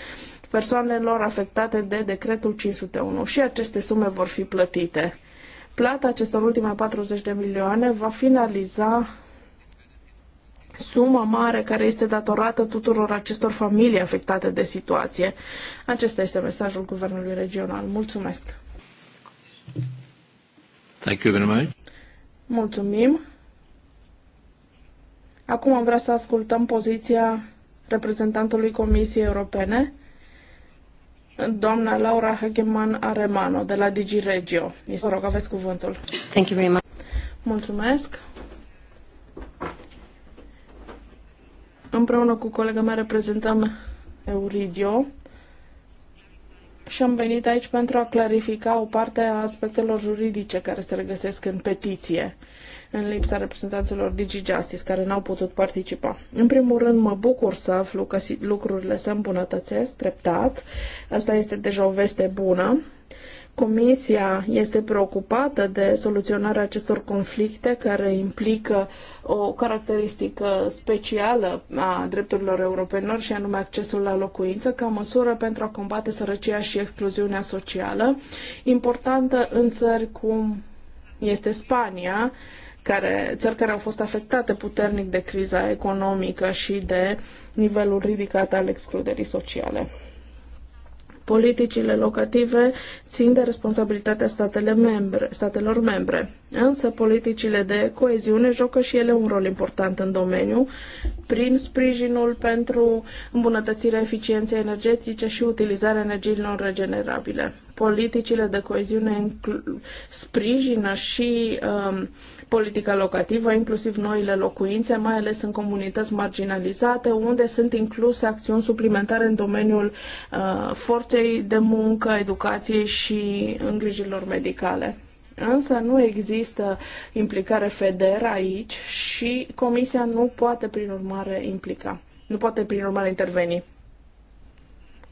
persoanelor afectate de decretul 501 și aceste sume vor fi plătite. Plata acestor ultime 40 de milioane va finaliza suma mare care este datorată tuturor acestor familii afectate de situație. Acesta este mesajul Guvernului Regional. Mulțumesc! Thank you very much. Mulțumim! Acum am vrea să ascultăm poziția reprezentantului Comisiei Europene, doamna Laura Hageman Aremano, de la DigiRegio. Vă rog, aveți cuvântul. Thank you very much. Mulțumesc! Împreună cu colega mea reprezentăm Euridio și am venit aici pentru a clarifica o parte a aspectelor juridice care se regăsesc în petiție, în lipsa reprezentanților DigiJustice, care n-au putut participa. În primul rând, mă bucur să aflu că lucrurile se îmbunătățesc treptat. Asta este deja o veste bună. Comisia este preocupată de soluționarea acestor conflicte care implică o caracteristică specială a drepturilor europenilor și anume accesul la locuință ca măsură pentru a combate sărăcia și excluziunea socială, importantă în țări cum este Spania, care, țări care au fost afectate puternic de criza economică și de nivelul ridicat al excluderii sociale. Politicile locative țin de responsabilitatea statele membre, statelor membre, însă politicile de coeziune joacă și ele un rol important în domeniu prin sprijinul pentru îmbunătățirea eficienței energetice și utilizarea energiilor regenerabile. Politicile de coeziune sprijină și um, politica locativă, inclusiv noile locuințe, mai ales în comunități marginalizate, unde sunt incluse acțiuni suplimentare în domeniul uh, forței de muncă, educației și îngrijilor medicale. Însă nu există implicare federă aici și Comisia nu poate, prin urmare, implica. Nu poate, prin urmare, interveni.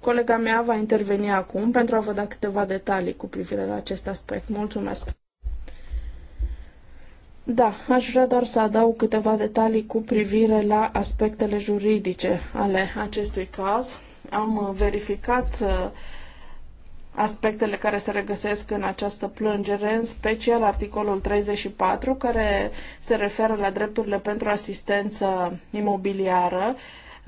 Colega mea va interveni acum pentru a vă da câteva detalii cu privire la acest aspect. Mulțumesc! Da, aș vrea doar să adaug câteva detalii cu privire la aspectele juridice ale acestui caz. Am uh, verificat uh, aspectele care se regăsesc în această plângere, în special articolul 34, care se referă la drepturile pentru asistență imobiliară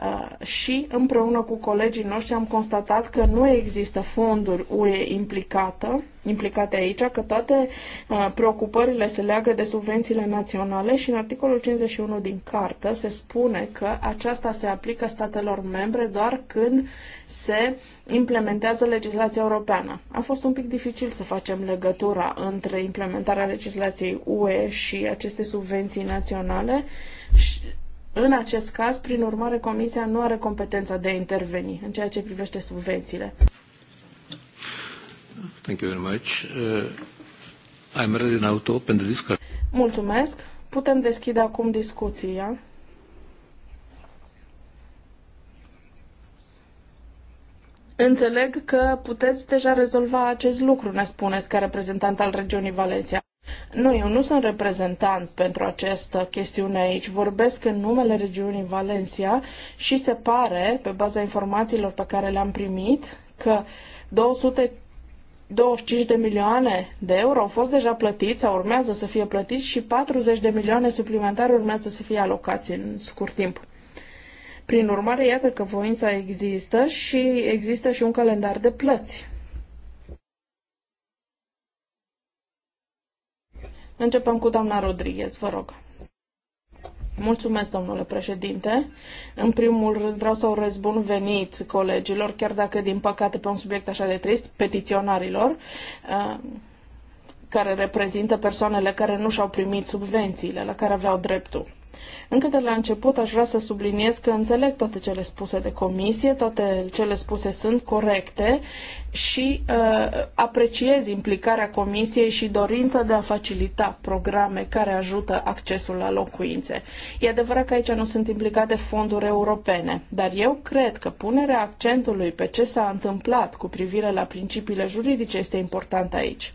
Uh, și împreună cu colegii noștri am constatat că nu există fonduri UE implicată, implicate aici, că toate uh, preocupările se leagă de subvențiile naționale și în articolul 51 din cartă se spune că aceasta se aplică statelor membre doar când se implementează legislația europeană. A fost un pic dificil să facem legătura între implementarea legislației UE și aceste subvenții naționale în acest caz, prin urmare, Comisia nu are competența de a interveni în ceea ce privește subvențiile. Thank you very much. Uh, I'm ready now to open the discussion. Mulțumesc. Putem deschide acum discuția. Înțeleg că puteți deja rezolva acest lucru, ne spuneți ca reprezentant al regiunii Valencia. Nu, eu nu sunt reprezentant pentru această chestiune aici. Vorbesc în numele regiunii Valencia și se pare, pe baza informațiilor pe care le-am primit, că 200 25 de milioane de euro au fost deja plătiți sau urmează să fie plătiți și 40 de milioane suplimentare urmează să fie alocați în scurt timp. Prin urmare, iată că voința există și există și un calendar de plăți. Începem cu doamna Rodriguez, vă rog. Mulțumesc, domnule președinte. În primul rând vreau să urez bun venit colegilor, chiar dacă, din păcate, pe un subiect așa de trist, petiționarilor, uh, care reprezintă persoanele care nu și-au primit subvențiile la care aveau dreptul. Încă de la început aș vrea să subliniez că înțeleg toate cele spuse de comisie, toate cele spuse sunt corecte și uh, apreciez implicarea comisiei și dorința de a facilita programe care ajută accesul la locuințe. E adevărat că aici nu sunt implicate fonduri europene, dar eu cred că punerea accentului pe ce s-a întâmplat cu privire la principiile juridice este importantă aici.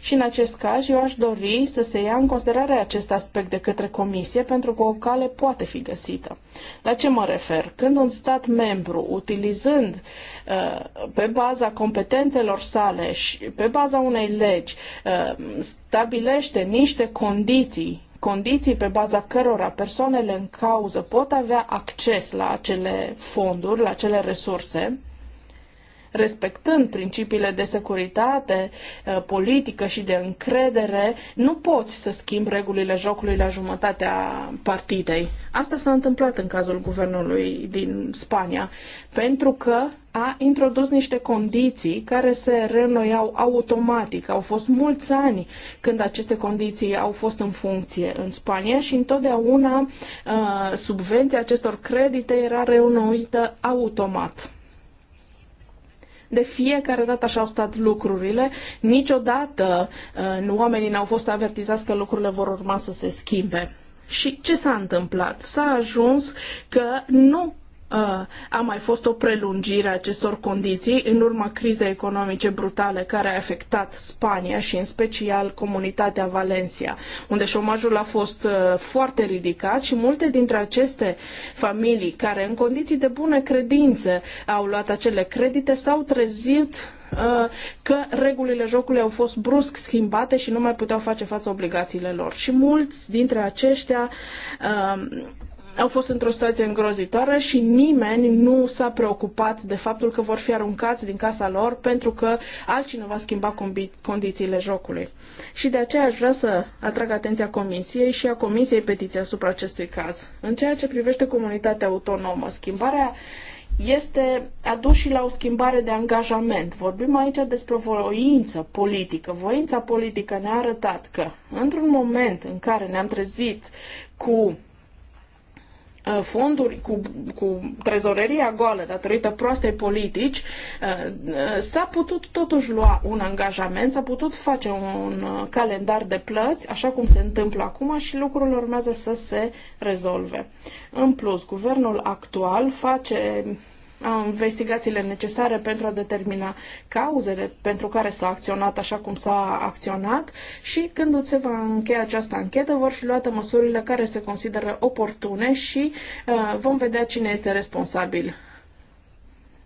Și în acest caz eu aș dori să se ia în considerare acest aspect de către Comisie pentru că o cale poate fi găsită. La ce mă refer? Când un stat membru, utilizând uh, pe baza competențelor sale și pe baza unei legi, uh, stabilește niște condiții condiții pe baza cărora persoanele în cauză pot avea acces la acele fonduri, la acele resurse, respectând principiile de securitate, eh, politică și de încredere, nu poți să schimbi regulile jocului la jumătatea partidei. Asta s-a întâmplat în cazul guvernului din Spania, pentru că a introdus niște condiții care se reînnoiau automatic. Au fost mulți ani când aceste condiții au fost în funcție în Spania și întotdeauna eh, subvenția acestor credite era reînnoită automat. De fiecare dată așa au stat lucrurile, niciodată uh, oamenii n-au fost avertizați că lucrurile vor urma să se schimbe. Și ce s-a întâmplat? S-a ajuns că nu a mai fost o prelungire a acestor condiții în urma crizei economice brutale care a afectat Spania și în special comunitatea Valencia, unde șomajul a fost foarte ridicat și multe dintre aceste familii care în condiții de bune credințe au luat acele credite s-au trezit că regulile jocului au fost brusc schimbate și nu mai puteau face față obligațiile lor. Și mulți dintre aceștia au fost într-o situație îngrozitoare și nimeni nu s-a preocupat de faptul că vor fi aruncați din casa lor pentru că altcineva schimba condițiile jocului. Și de aceea aș vrea să atrag atenția Comisiei și a Comisiei Petiția asupra acestui caz. În ceea ce privește comunitatea autonomă, schimbarea este adus și la o schimbare de angajament. Vorbim aici despre voință politică. Voința politică ne-a arătat că într-un moment în care ne-am trezit cu Uh, fonduri cu, cu trezoreria goală datorită proastei politici, uh, uh, s-a putut totuși lua un angajament, s-a putut face un calendar de plăți, așa cum se întâmplă acum și lucrurile urmează să se rezolve. În plus, guvernul actual face investigațiile necesare pentru a determina cauzele pentru care s-a acționat așa cum s-a acționat și când se va încheia această anchetă vor fi luate măsurile care se consideră oportune și uh, vom vedea cine este responsabil.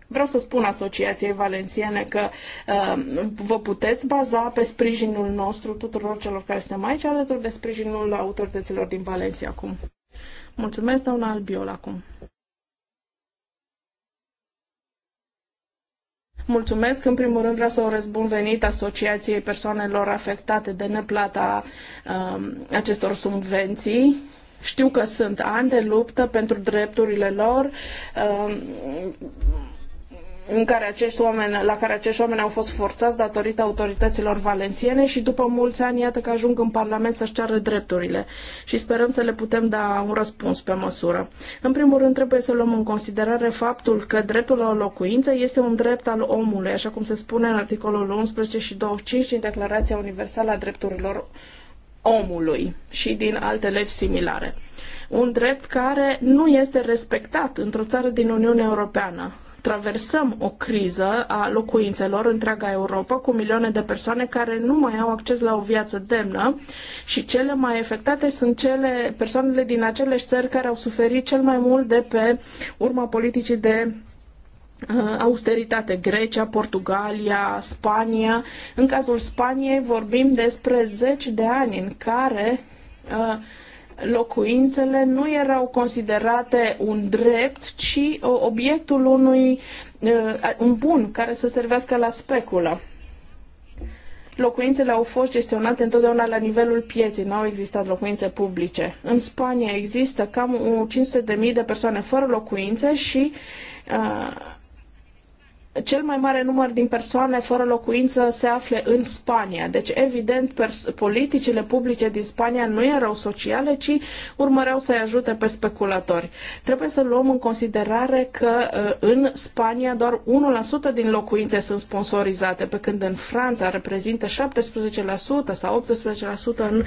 Vreau să spun Asociației Valențiene că uh, vă puteți baza pe sprijinul nostru tuturor celor care suntem aici, alături de sprijinul autorităților din Valencia acum. Mulțumesc, doamna Albiol, acum. Mulțumesc. În primul rând vreau să urez bun venit Asociației Persoanelor Afectate de Neplata um, acestor subvenții. Știu că sunt ani de luptă pentru drepturile lor. Um, în care acești oameni, la care acești oameni au fost forțați datorită autorităților valențiene și după mulți ani, iată că ajung în Parlament să-și ceară drepturile și sperăm să le putem da un răspuns pe măsură. În primul rând, trebuie să luăm în considerare faptul că dreptul la o locuință este un drept al omului, așa cum se spune în articolul 11 și 25 din Declarația Universală a Drepturilor omului și din alte legi similare. Un drept care nu este respectat într-o țară din Uniunea Europeană traversăm o criză a locuințelor întreaga Europa cu milioane de persoane care nu mai au acces la o viață demnă și cele mai afectate sunt cele persoanele din acele țări care au suferit cel mai mult de pe urma politicii de uh, austeritate, Grecia, Portugalia, Spania. În cazul Spaniei vorbim despre zeci de ani în care uh, locuințele nu erau considerate un drept, ci uh, obiectul unui uh, un bun care să servească la speculă. Locuințele au fost gestionate întotdeauna la nivelul pieței, nu au existat locuințe publice. În Spania există cam 500.000 de persoane fără locuințe și uh, cel mai mare număr din persoane fără locuință se află în Spania. Deci, evident, politicile publice din Spania nu erau sociale, ci urmăreau să-i ajute pe speculatori. Trebuie să luăm în considerare că uh, în Spania doar 1% din locuințe sunt sponsorizate, pe când în Franța reprezintă 17% sau 18% în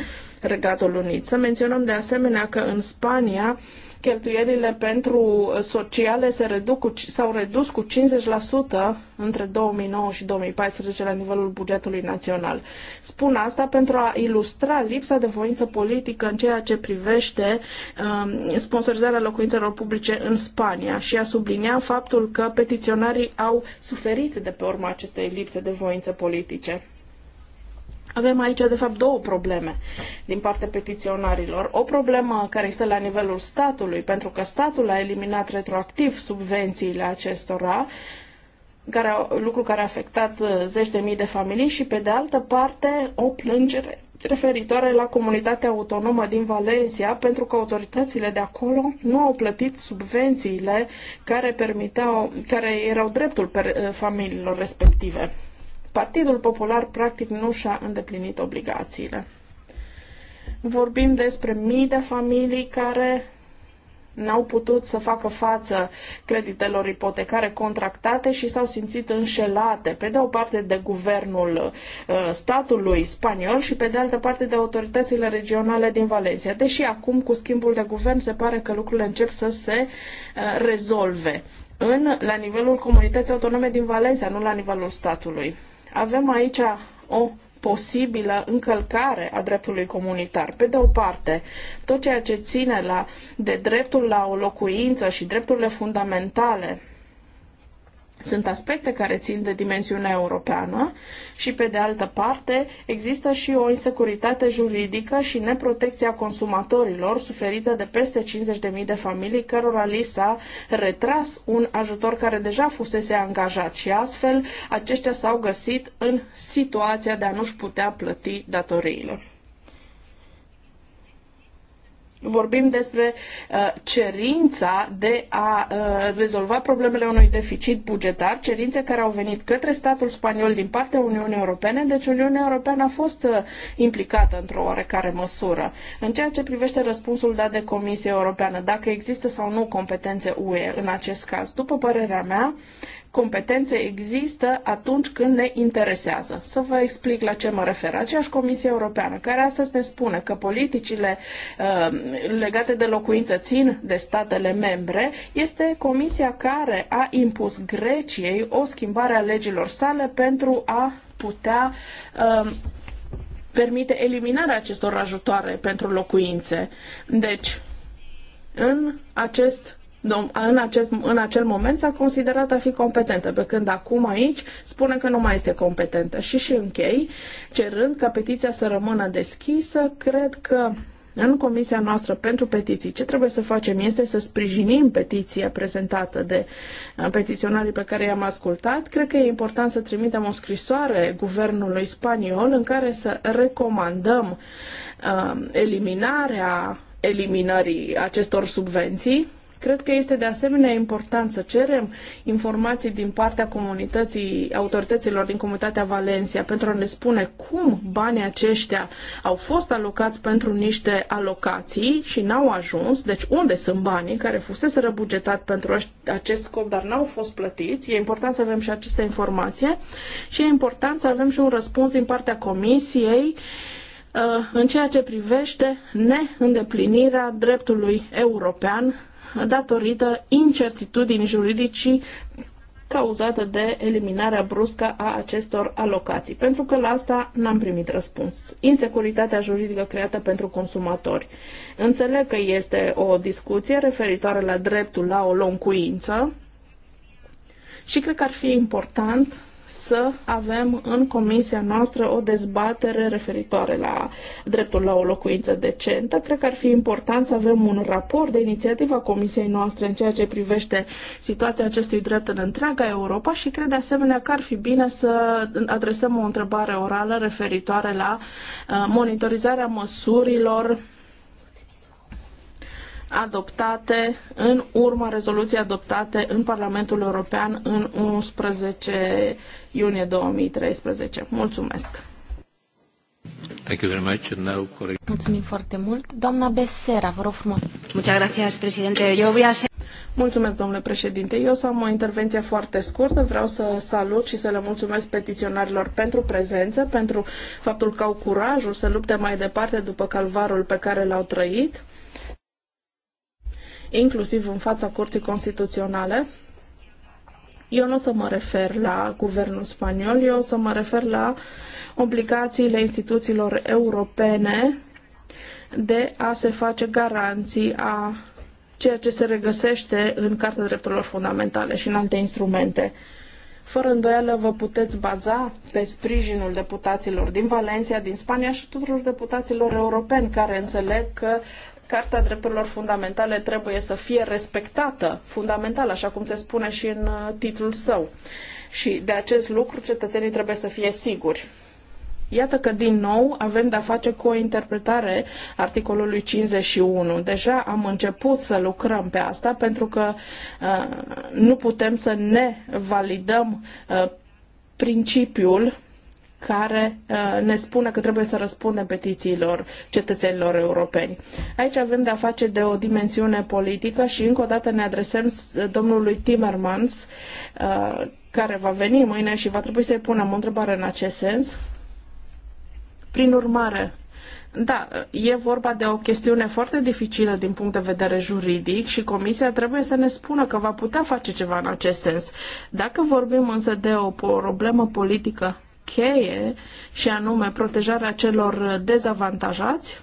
Regatul Unit. Să menționăm de asemenea că în Spania cheltuielile pentru sociale se reduc cu, s-au redus cu 50% între 2009 și 2014 la nivelul bugetului național. Spun asta pentru a ilustra lipsa de voință politică în ceea ce privește um, sponsorizarea locuințelor publice în Spania și a sublinia faptul că petiționarii au suferit de pe urma acestei lipse de voință politice. Avem aici, de fapt, două probleme din partea petiționarilor. O problemă care este la nivelul statului, pentru că statul a eliminat retroactiv subvențiile acestora, care, lucru care a afectat uh, zeci de mii de familii și, pe de altă parte, o plângere referitoare la comunitatea autonomă din Valencia, pentru că autoritățile de acolo nu au plătit subvențiile care, permiteau, care erau dreptul uh, familiilor respective. Partidul Popular practic nu și-a îndeplinit obligațiile. Vorbim despre mii de familii care n-au putut să facă față creditelor ipotecare contractate și s-au simțit înșelate, pe de o parte de guvernul uh, statului spaniol și pe de altă parte de autoritățile regionale din Valencia. Deși acum, cu schimbul de guvern, se pare că lucrurile încep să se uh, rezolve în, la nivelul comunității autonome din Valencia, nu la nivelul statului. Avem aici o posibilă încălcare a dreptului comunitar. Pe de o parte, tot ceea ce ține la, de dreptul la o locuință și drepturile fundamentale sunt aspecte care țin de dimensiunea europeană și, pe de altă parte, există și o insecuritate juridică și neprotecția consumatorilor suferită de peste 50.000 de familii cărora li s-a retras un ajutor care deja fusese angajat și astfel aceștia s-au găsit în situația de a nu-și putea plăti datoriile. Vorbim despre uh, cerința de a uh, rezolva problemele unui deficit bugetar, cerințe care au venit către statul spaniol din partea Uniunii Europene, deci Uniunea Europeană a fost uh, implicată într-o oarecare măsură. În ceea ce privește răspunsul dat de Comisia Europeană, dacă există sau nu competențe UE în acest caz, după părerea mea, competențe există atunci când ne interesează. Să vă explic la ce mă refer. Aceeași Comisie Europeană, care astăzi ne spune că politicile uh, legate de locuință țin de statele membre, este comisia care a impus Greciei o schimbare a legilor sale pentru a putea uh, permite eliminarea acestor ajutoare pentru locuințe. Deci, în acest în, acest, în acel moment s-a considerat a fi competentă, pe când acum aici spune că nu mai este competentă. Și și închei, cerând ca petiția să rămână deschisă, cred că în comisia noastră pentru petiții, ce trebuie să facem este să sprijinim petiția prezentată de uh, petiționarii pe care i-am ascultat. Cred că e important să trimitem o scrisoare guvernului spaniol în care să recomandăm uh, eliminarea eliminării acestor subvenții Cred că este de asemenea important să cerem informații din partea comunității, autorităților din comunitatea Valencia pentru a ne spune cum banii aceștia au fost alocați pentru niște alocații și n-au ajuns, deci unde sunt banii care fusese răbugetat pentru acest scop, dar n-au fost plătiți. E important să avem și aceste informații și e important să avem și un răspuns din partea Comisiei uh, în ceea ce privește neîndeplinirea dreptului european datorită incertitudinii juridicii cauzată de eliminarea bruscă a acestor alocații, pentru că la asta n-am primit răspuns. Insecuritatea juridică creată pentru consumatori. Înțeleg că este o discuție referitoare la dreptul la o locuință și cred că ar fi important să avem în comisia noastră o dezbatere referitoare la dreptul la o locuință decentă. Cred că ar fi important să avem un raport de inițiativă a comisiei noastre în ceea ce privește situația acestui drept în întreaga Europa și cred de asemenea că ar fi bine să adresăm o întrebare orală referitoare la uh, monitorizarea măsurilor adoptate în urma rezoluției adoptate în Parlamentul European în 11 iunie 2013. Mulțumesc! Thank you very much. And now, Mulțumim foarte mult. Doamna Besera, vă rog frumos. Muchas gracias, președinte. Eu voy a ser... Mulțumesc, domnule președinte. Eu să am o intervenție foarte scurtă. Vreau să salut și să le mulțumesc petiționarilor pentru prezență, pentru faptul că au curajul să lupte mai departe după calvarul pe care l-au trăit inclusiv în fața Curții Constituționale. Eu nu o să mă refer la guvernul spaniol, eu o să mă refer la obligațiile instituțiilor europene de a se face garanții a ceea ce se regăsește în Carta Drepturilor Fundamentale și în alte instrumente. Fără îndoială vă puteți baza pe sprijinul deputaților din Valencia, din Spania și tuturor deputaților europeni care înțeleg că Carta Drepturilor Fundamentale trebuie să fie respectată fundamental, așa cum se spune și în uh, titlul său. Și de acest lucru cetățenii trebuie să fie siguri. Iată că din nou avem de-a face cu o interpretare articolului 51. Deja am început să lucrăm pe asta pentru că uh, nu putem să ne validăm uh, principiul care uh, ne spune că trebuie să răspundem petițiilor cetățenilor europeni. Aici avem de-a face de o dimensiune politică și încă o dată ne adresăm domnului Timmermans, uh, care va veni mâine și va trebui să-i punem o întrebare în acest sens. Prin urmare, da, e vorba de o chestiune foarte dificilă din punct de vedere juridic și Comisia trebuie să ne spună că va putea face ceva în acest sens. Dacă vorbim însă de o problemă politică cheie și anume protejarea celor dezavantajați,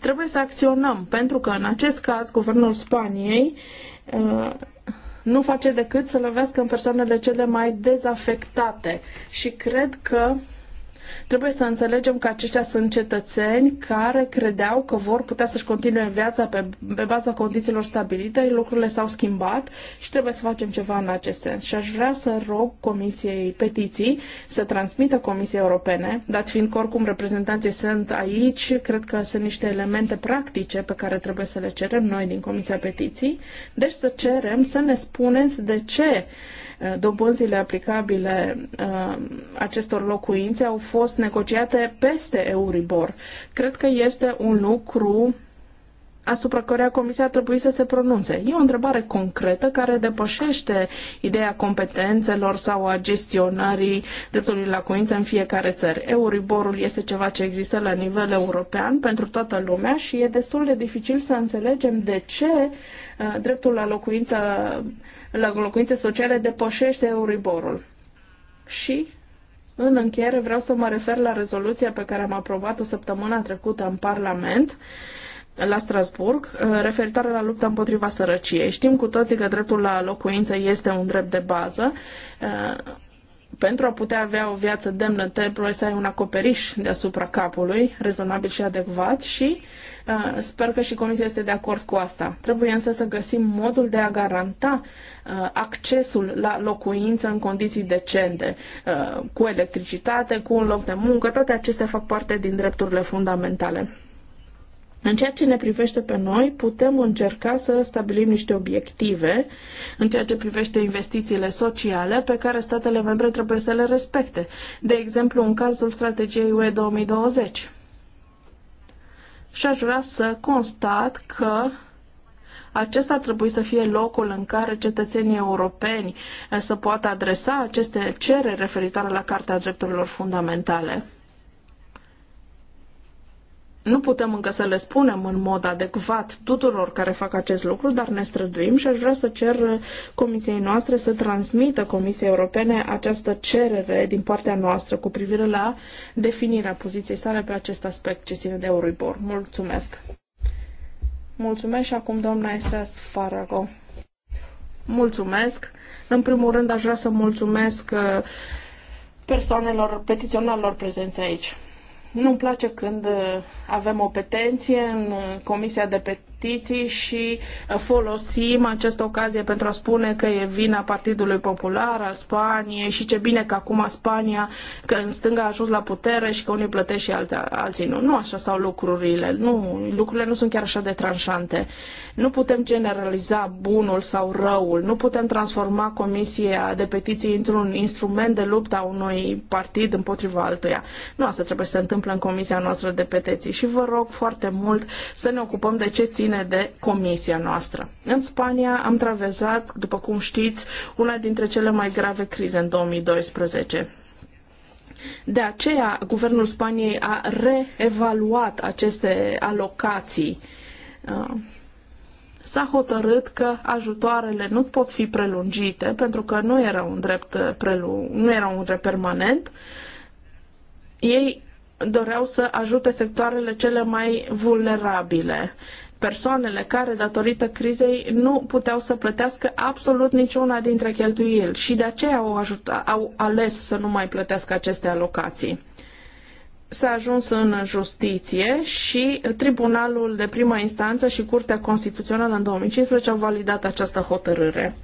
trebuie să acționăm, pentru că în acest caz guvernul Spaniei uh, nu face decât să lovească în persoanele cele mai dezafectate și cred că Trebuie să înțelegem că aceștia sunt cetățeni care credeau că vor putea să-și continue viața pe, pe baza condițiilor stabilite, lucrurile s-au schimbat și trebuie să facem ceva în acest sens. Și aș vrea să rog Comisiei Petiții să transmită Comisiei Europene, dat fiind că oricum reprezentanții sunt aici, cred că sunt niște elemente practice pe care trebuie să le cerem noi din Comisia Petiții, deci să cerem să ne spuneți de ce Eh, dobânzile aplicabile eh, acestor locuințe au fost negociate peste Euribor. Cred că este un lucru asupra căreia Comisia ar trebui să se pronunțe. E o întrebare concretă care depășește ideea competențelor sau a gestionării dreptului la locuință în fiecare țară. Euriborul este ceva ce există la nivel european pentru toată lumea și e destul de dificil să înțelegem de ce eh, dreptul la locuință la locuințe sociale depășește Euriborul. Și, în încheiere, vreau să mă refer la rezoluția pe care am aprobat-o săptămâna trecută în Parlament, la Strasburg, eh, referitoare la lupta împotriva sărăciei. Știm cu toții că dreptul la locuință este un drept de bază eh, pentru a putea avea o viață demnă, trebuie să ai un acoperiș deasupra capului, rezonabil și adecvat și uh, sper că și Comisia este de acord cu asta. Trebuie însă să găsim modul de a garanta uh, accesul la locuință în condiții decente, uh, cu electricitate, cu un loc de muncă, toate acestea fac parte din drepturile fundamentale. În ceea ce ne privește pe noi, putem încerca să stabilim niște obiective în ceea ce privește investițiile sociale pe care statele membre trebuie să le respecte. De exemplu, în cazul strategiei UE 2020. Și aș vrea să constat că acesta ar trebui să fie locul în care cetățenii europeni să poată adresa aceste cereri referitoare la Carta Drepturilor Fundamentale. Nu putem încă să le spunem în mod adecvat tuturor care fac acest lucru, dar ne străduim și aș vrea să cer Comisiei noastre să transmită Comisiei Europene această cerere din partea noastră cu privire la definirea poziției sale pe acest aspect ce ține de Euribor. Mulțumesc! Mulțumesc și acum doamna Estras Farago. Mulțumesc! În primul rând aș vrea să mulțumesc uh, persoanelor, petiționarilor prezenți aici. Nu-mi place când uh, avem o petenție în uh, Comisia de Petiții și uh, folosim această ocazie pentru a spune că e vina Partidului Popular al Spaniei și ce bine că acum Spania, că în stânga a ajuns la putere și că unii plătesc și alte, alții nu. Nu așa stau lucrurile. Nu, lucrurile nu sunt chiar așa de tranșante. Nu putem generaliza bunul sau răul. Nu putem transforma Comisia de Petiții într-un instrument de luptă a unui partid împotriva altuia. Nu asta trebuie să se întâmple în Comisia noastră de Petiții și vă rog foarte mult să ne ocupăm de ce ține de comisia noastră. În Spania am traversat, după cum știți, una dintre cele mai grave crize în 2012. De aceea, guvernul Spaniei a reevaluat aceste alocații. Uh, S-a hotărât că ajutoarele nu pot fi prelungite pentru că nu era un drept, prelu- nu era un drept permanent. Ei doreau să ajute sectoarele cele mai vulnerabile persoanele care, datorită crizei, nu puteau să plătească absolut niciuna dintre cheltuieli și de aceea au, ajuta, au ales să nu mai plătească aceste alocații. S-a ajuns în justiție și Tribunalul de Primă Instanță și Curtea Constituțională în 2015 au validat această hotărâre.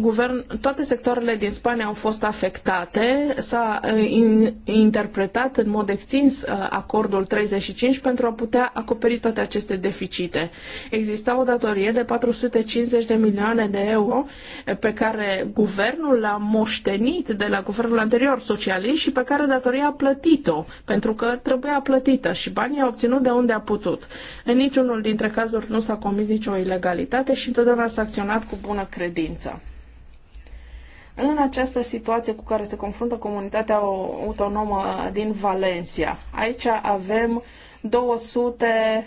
guvern, toate sectoarele din Spania au fost afectate. S-a uh, in, interpretat în mod extins uh, acordul 35 pentru a putea acoperi toate aceste deficite. Exista o datorie de 450 de milioane de euro uh, pe care guvernul l-a moștenit de la guvernul anterior socialist și pe care datoria a plătit-o, pentru că trebuia plătită și banii a obținut de unde a putut. În niciunul dintre cazuri nu s-a comis nicio ilegalitate și întotdeauna s-a acționat cu bună credință în această situație cu care se confruntă comunitatea autonomă din Valencia. Aici avem 200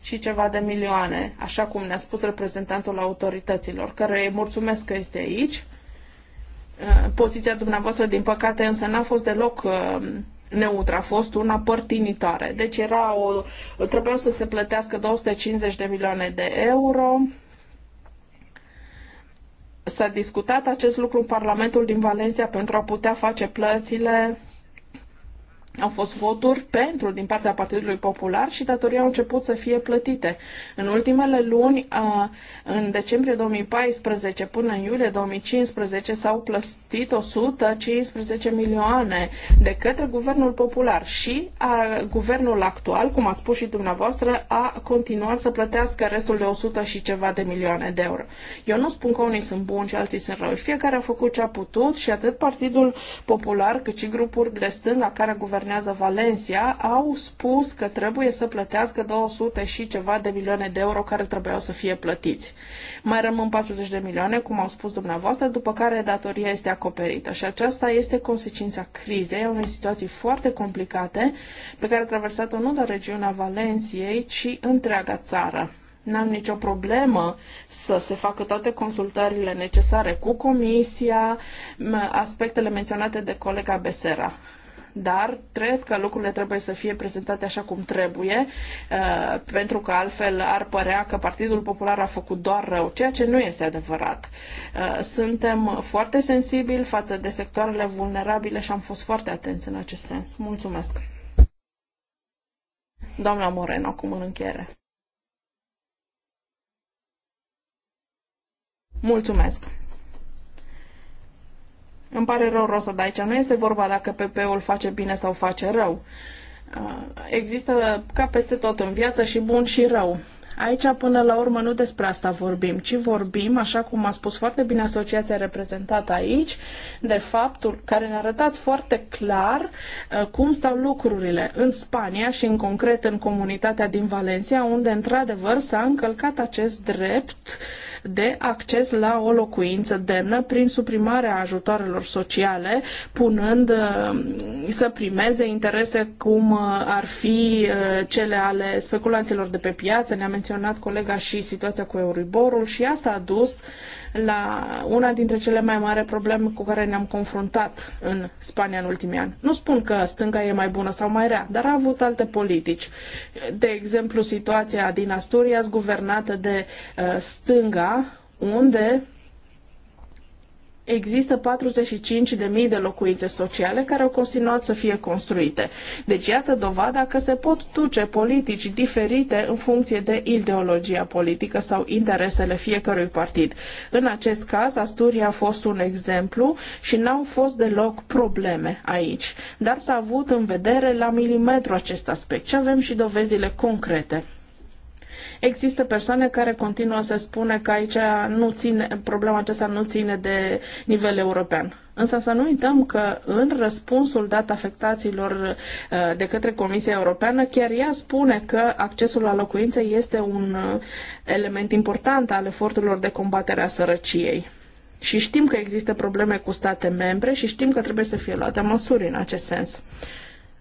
și ceva de milioane, așa cum ne-a spus reprezentantul autorităților, care îi mulțumesc că este aici. Uh, poziția dumneavoastră, din păcate, însă n-a fost deloc uh, neutră, a fost una părtinitoare. Deci era o, trebuia să se plătească 250 de milioane de euro, S-a discutat acest lucru în Parlamentul din Valencia pentru a putea face plățile au fost voturi pentru din partea Partidului Popular și datoria au început să fie plătite. În ultimele luni, în decembrie 2014 până în iulie 2015, s-au plătit 115 milioane de către Guvernul Popular și a, Guvernul actual, cum a spus și dumneavoastră, a continuat să plătească restul de 100 și ceva de milioane de euro. Eu nu spun că unii sunt buni și alții sunt răi. Fiecare a făcut ce a putut și atât Partidul Popular cât și de stânga care guvernează guvernează Valencia au spus că trebuie să plătească 200 și ceva de milioane de euro care trebuiau să fie plătiți. Mai rămân 40 de milioane, cum au spus dumneavoastră, după care datoria este acoperită. Și aceasta este consecința crizei, a unei situații foarte complicate pe care a traversat-o nu doar regiunea Valenției, ci întreaga țară. N-am nicio problemă să se facă toate consultările necesare cu comisia, aspectele menționate de colega Besera dar cred că lucrurile trebuie să fie prezentate așa cum trebuie, uh, pentru că altfel ar părea că Partidul Popular a făcut doar rău, ceea ce nu este adevărat. Uh, suntem foarte sensibili față de sectoarele vulnerabile și am fost foarte atenți în acest sens. Mulțumesc! Doamna Moreno, acum în încheiere. Mulțumesc! Îmi pare rău, Rosa, dar aici nu este vorba dacă PP-ul face bine sau face rău. Există ca peste tot în viață și bun și rău. Aici, până la urmă, nu despre asta vorbim, ci vorbim, așa cum a spus foarte bine asociația reprezentată aici, de faptul care ne-a arătat foarte clar cum stau lucrurile în Spania și, în concret, în comunitatea din Valencia, unde, într-adevăr, s-a încălcat acest drept uh, de acces la o locuință demnă prin suprimarea ajutoarelor sociale, punând uh, să primeze interese cum uh, ar fi uh, cele ale speculanților de pe piață. Ne-a menționat colega și situația cu Euriborul și asta a dus la una dintre cele mai mari probleme cu care ne-am confruntat în Spania în ultimii ani. Nu spun că stânga e mai bună sau mai rea, dar a avut alte politici. De exemplu, situația din Asturias guvernată de uh, stânga, unde există 45.000 de locuințe sociale care au continuat să fie construite. Deci iată dovada că se pot duce politici diferite în funcție de ideologia politică sau interesele fiecărui partid. În acest caz, Asturia a fost un exemplu și n-au fost deloc probleme aici, dar s-a avut în vedere la milimetru acest aspect și avem și dovezile concrete. Există persoane care continuă să spună că aici nu ține, problema aceasta nu ține de nivel european. Însă să nu uităm că în răspunsul dat afectațiilor uh, de către Comisia Europeană, chiar ea spune că accesul la locuințe este un uh, element important al eforturilor de combatere a sărăciei. Și știm că există probleme cu state membre și știm că trebuie să fie luate măsuri în acest sens.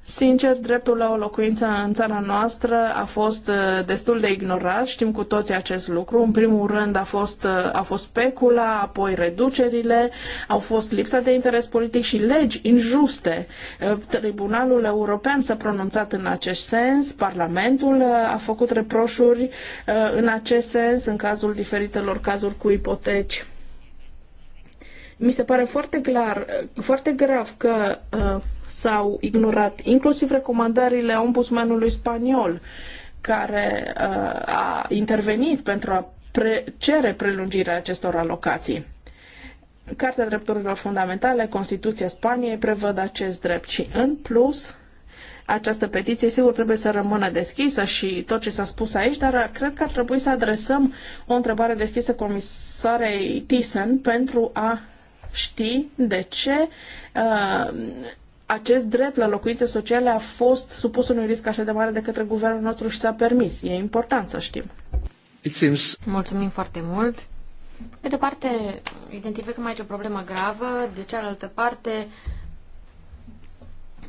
Sincer, dreptul la o locuință în țara noastră a fost uh, destul de ignorat, știm cu toții acest lucru. În primul rând a fost, uh, a fost specula, apoi reducerile, au fost lipsa de interes politic și legi injuste. Uh, Tribunalul European s-a pronunțat în acest sens, Parlamentul a făcut reproșuri în acest sens în cazul diferitelor cazuri cu ipoteci mi se pare foarte clar, foarte grav că uh, s-au ignorat inclusiv recomandările ombudsmanului spaniol, care uh, a intervenit pentru a pre- cere prelungirea acestor alocații. Cartea Drepturilor Fundamentale, Constituția Spaniei prevăd acest drept și, în plus, această petiție sigur trebuie să rămână deschisă și tot ce s-a spus aici, dar uh, cred că ar trebui să adresăm o întrebare deschisă comisarei Thyssen pentru a ști de ce uh, acest drept la locuințe sociale a fost supus unui risc așa de mare de către guvernul nostru și s-a permis. E important să știm. Seems... Mulțumim foarte mult. Pe de o parte, identificăm aici o problemă gravă, de cealaltă parte,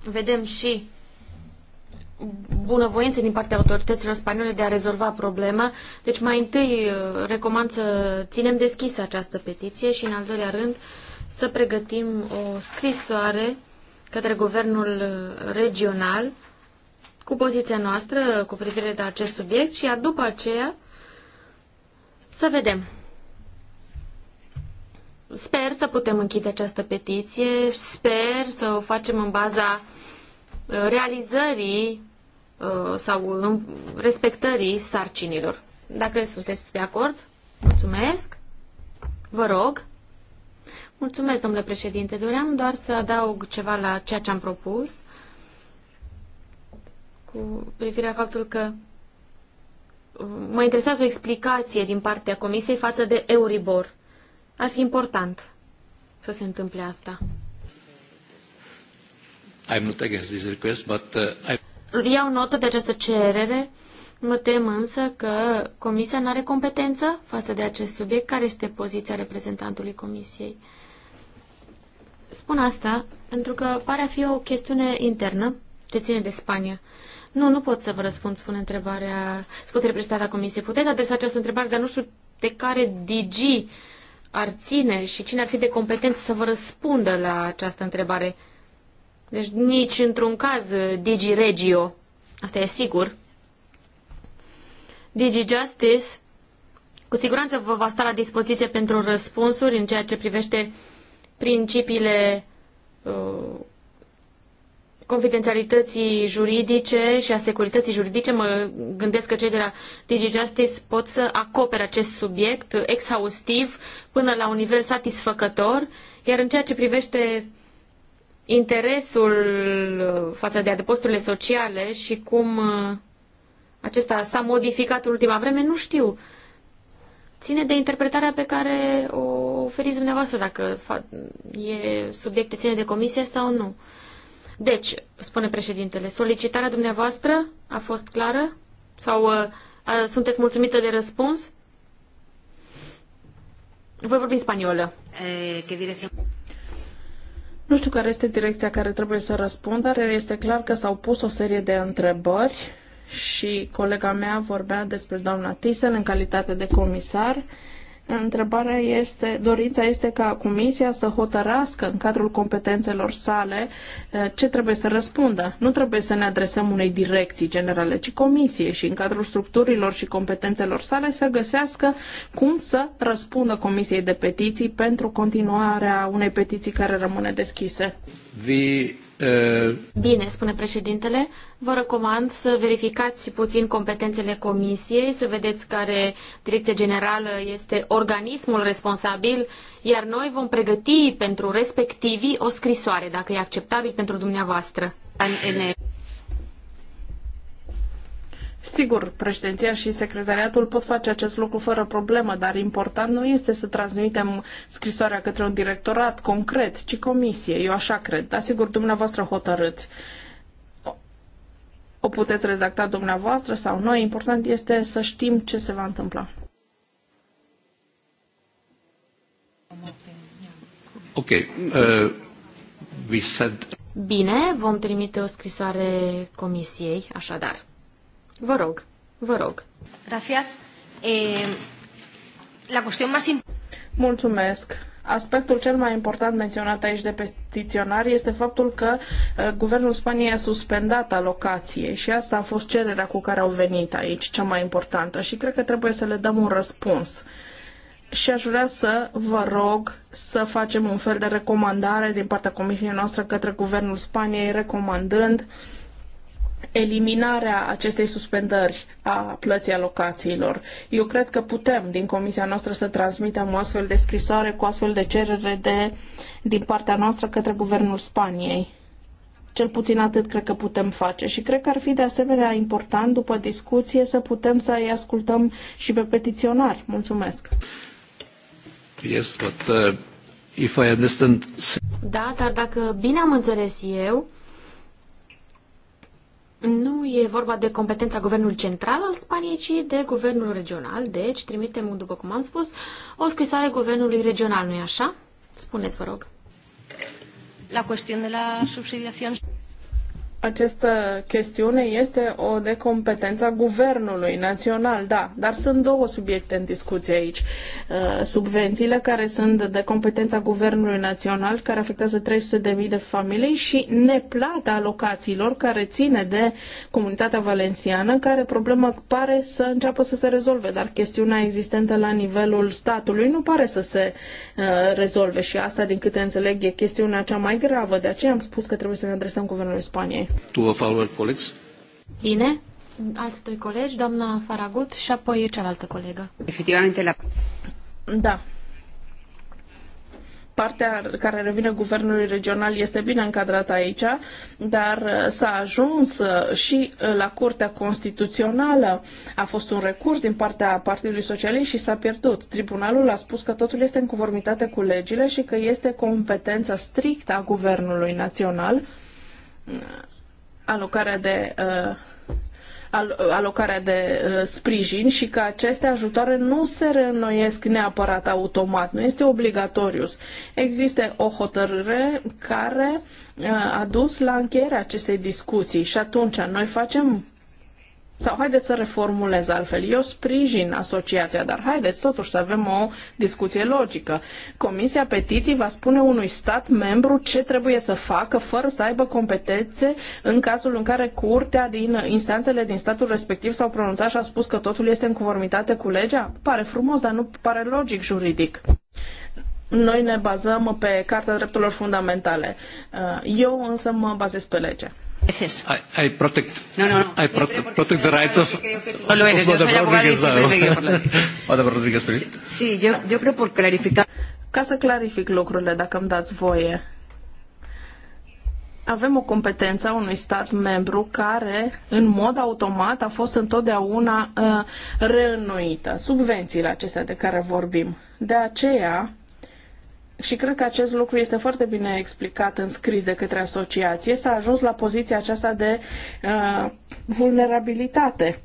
vedem și bunăvoință din partea autorităților spaniole de a rezolva problema. Deci mai întâi uh, recomand să ținem deschisă această petiție și în al doilea rând să pregătim o scrisoare către guvernul regional cu poziția noastră cu privire la acest subiect și iar după aceea să vedem. Sper să putem închide această petiție, sper să o facem în baza uh, realizării uh, sau respectării sarcinilor. Dacă sunteți de acord, mulțumesc, vă rog. Mulțumesc, domnule președinte. Doream doar să adaug ceva la ceea ce am propus cu privirea faptul că mă interesează o explicație din partea Comisiei față de Euribor. Ar fi important să se întâmple asta. I'm not against this request, but uh, I... Iau notă de această cerere, mă tem însă că Comisia nu are competență față de acest subiect. Care este poziția reprezentantului Comisiei? Uh, Spun asta pentru că pare a fi o chestiune internă ce ține de Spania. Nu, nu pot să vă răspund, spune întrebarea, spune reprezentata Comisiei. Puteți adresa această întrebare, dar nu știu de care DG ar ține și cine ar fi de competent să vă răspundă la această întrebare. Deci nici într-un caz DG Regio, asta e sigur. DG Justice cu siguranță vă va sta la dispoziție pentru răspunsuri în ceea ce privește uh, principiile uh, confidențialității juridice și a securității juridice. Mă gândesc că cei de la DigiJustice pot să acopere acest subiect exhaustiv până la un nivel satisfăcător, iar în ceea ce privește interesul uh, față de adăposturile sociale și cum uh, acesta s-a modificat în ultima vreme, nu știu ține de interpretarea pe care o oferiți dumneavoastră, dacă e subiect ține de comisie sau nu. Deci, spune președintele, solicitarea dumneavoastră a fost clară? Sau uh, a, sunteți mulțumită de răspuns? Voi vorbi în spaniolă. Eh, e, nu știu care este direcția care trebuie să răspund, dar este clar că s-au pus o serie de întrebări și colega mea vorbea despre doamna Thyssen în calitate de comisar. Întrebarea este, dorința este ca Comisia să hotărască în cadrul competențelor sale eh, ce trebuie să răspundă. Nu trebuie să ne adresăm unei direcții generale, ci Comisiei și în cadrul structurilor și competențelor sale să găsească cum să răspundă Comisiei de petiții pentru continuarea unei petiții care rămâne deschise. The Uh, Bine, spune președintele, vă recomand să verificați puțin competențele comisiei, să vedeți care direcție generală este organismul responsabil, iar noi vom pregăti pentru respectivii o scrisoare, dacă e acceptabil pentru dumneavoastră. Sigur, președinția și secretariatul pot face acest lucru fără problemă, dar important nu este să transmitem scrisoarea către un directorat concret, ci comisie. Eu așa cred. Dar sigur, dumneavoastră hotărâți. O puteți redacta dumneavoastră sau noi. Important este să știm ce se va întâmpla. Ok. Uh, we said... Bine, vom trimite o scrisoare comisiei, așadar. Vă rog, vă rog. Gracias. Eh, la cuestión más Mulțumesc. Aspectul cel mai important menționat aici de petiționari este faptul că uh, Guvernul Spaniei a suspendat alocație și asta a fost cererea cu care au venit aici, cea mai importantă și cred că trebuie să le dăm un răspuns. Și aș vrea să vă rog să facem un fel de recomandare din partea Comisiei noastre către Guvernul Spaniei, recomandând uh, eliminarea acestei suspendări a plății alocațiilor. Eu cred că putem din comisia noastră să transmitem o astfel de scrisoare cu astfel de cerere de, din partea noastră către guvernul Spaniei. Cel puțin atât cred că putem face și cred că ar fi de asemenea important după discuție să putem să îi ascultăm și pe petiționari. Mulțumesc! Yes, but, uh, if I understand... Da, dar dacă bine am înțeles eu, nu e vorba de competența guvernului central al Spaniei, ci de guvernul regional. Deci trimitem, după cum am spus, o scrisoare guvernului regional, nu-i așa? Spuneți, vă rog. La cuestión de la subsidiación această chestiune este o de competența guvernului național, da, dar sunt două subiecte în discuție aici. Uh, subvențiile care sunt de competența guvernului național, care afectează 300.000 de familii și neplata alocațiilor care ține de comunitatea valențiană, care problema pare să înceapă să se rezolve, dar chestiunea existentă la nivelul statului nu pare să se uh, rezolve și asta, din câte înțeleg, e chestiunea cea mai gravă. De aceea am spus că trebuie să ne adresăm guvernului Spaniei colegi? Bine, alți doi colegi, doamna Faragut și apoi cealaltă colegă. Efectivamente la... Da, partea care revine guvernului regional este bine încadrată aici, dar uh, s-a ajuns uh, și uh, la Curtea Constituțională. A fost un recurs din partea Partidului Socialist și s-a pierdut. Tribunalul a spus că totul este în conformitate cu legile și că este competența strictă a guvernului național alocarea de uh, alocarea de uh, sprijin și că aceste ajutoare nu se reînnoiesc neapărat automat, nu este obligatoriu. Există o hotărâre care uh, a dus la încheierea acestei discuții și atunci noi facem sau haideți să reformulez altfel. Eu sprijin asociația, dar haideți totuși să avem o discuție logică. Comisia Petiții va spune unui stat membru ce trebuie să facă fără să aibă competențe în cazul în care curtea din instanțele din statul respectiv s-au pronunțat și a spus că totul este în conformitate cu legea? Pare frumos, dar nu pare logic juridic noi ne bazăm pe Carta Drepturilor Fundamentale. Uh, eu însă mă bazez pe lege. I, I protect, no, no, no. I protect, protect the rights of, no lo eres. Yo soy abogada y siempre por la ley. Sí, yo, yo creo por clarificar. Ca să clarific lucrurile, dacă îmi dați voie. Avem o competență a unui stat membru care, în mod automat, a fost întotdeauna uh, reînnoită. Subvențiile acestea de care vorbim. De aceea, și cred că acest lucru este foarte bine explicat în scris de către asociație, s-a ajuns la poziția aceasta de uh, vulnerabilitate.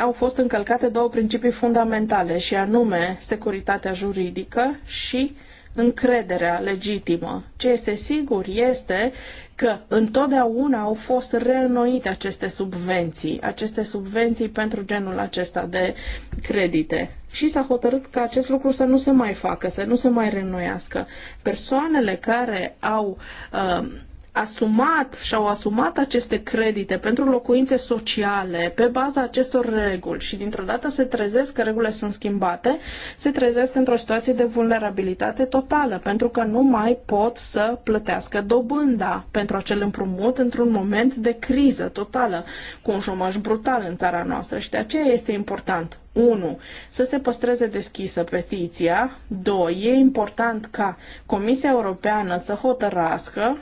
Au fost încălcate două principii fundamentale, și anume securitatea juridică și încrederea legitimă. Ce este sigur este că întotdeauna au fost reînnoite aceste subvenții, aceste subvenții pentru genul acesta de credite. Și s-a hotărât ca acest lucru să nu se mai facă, să nu se mai reînnoiască. Persoanele care au uh, asumat și-au asumat aceste credite pentru locuințe sociale pe baza acestor reguli și dintr-o dată se trezesc că regulile sunt schimbate, se trezesc într-o situație de vulnerabilitate totală pentru că nu mai pot să plătească dobânda pentru acel împrumut într-un moment de criză totală cu un șomaj brutal în țara noastră și de aceea este important 1. Să se păstreze deschisă petiția. 2. E important ca Comisia Europeană să hotărască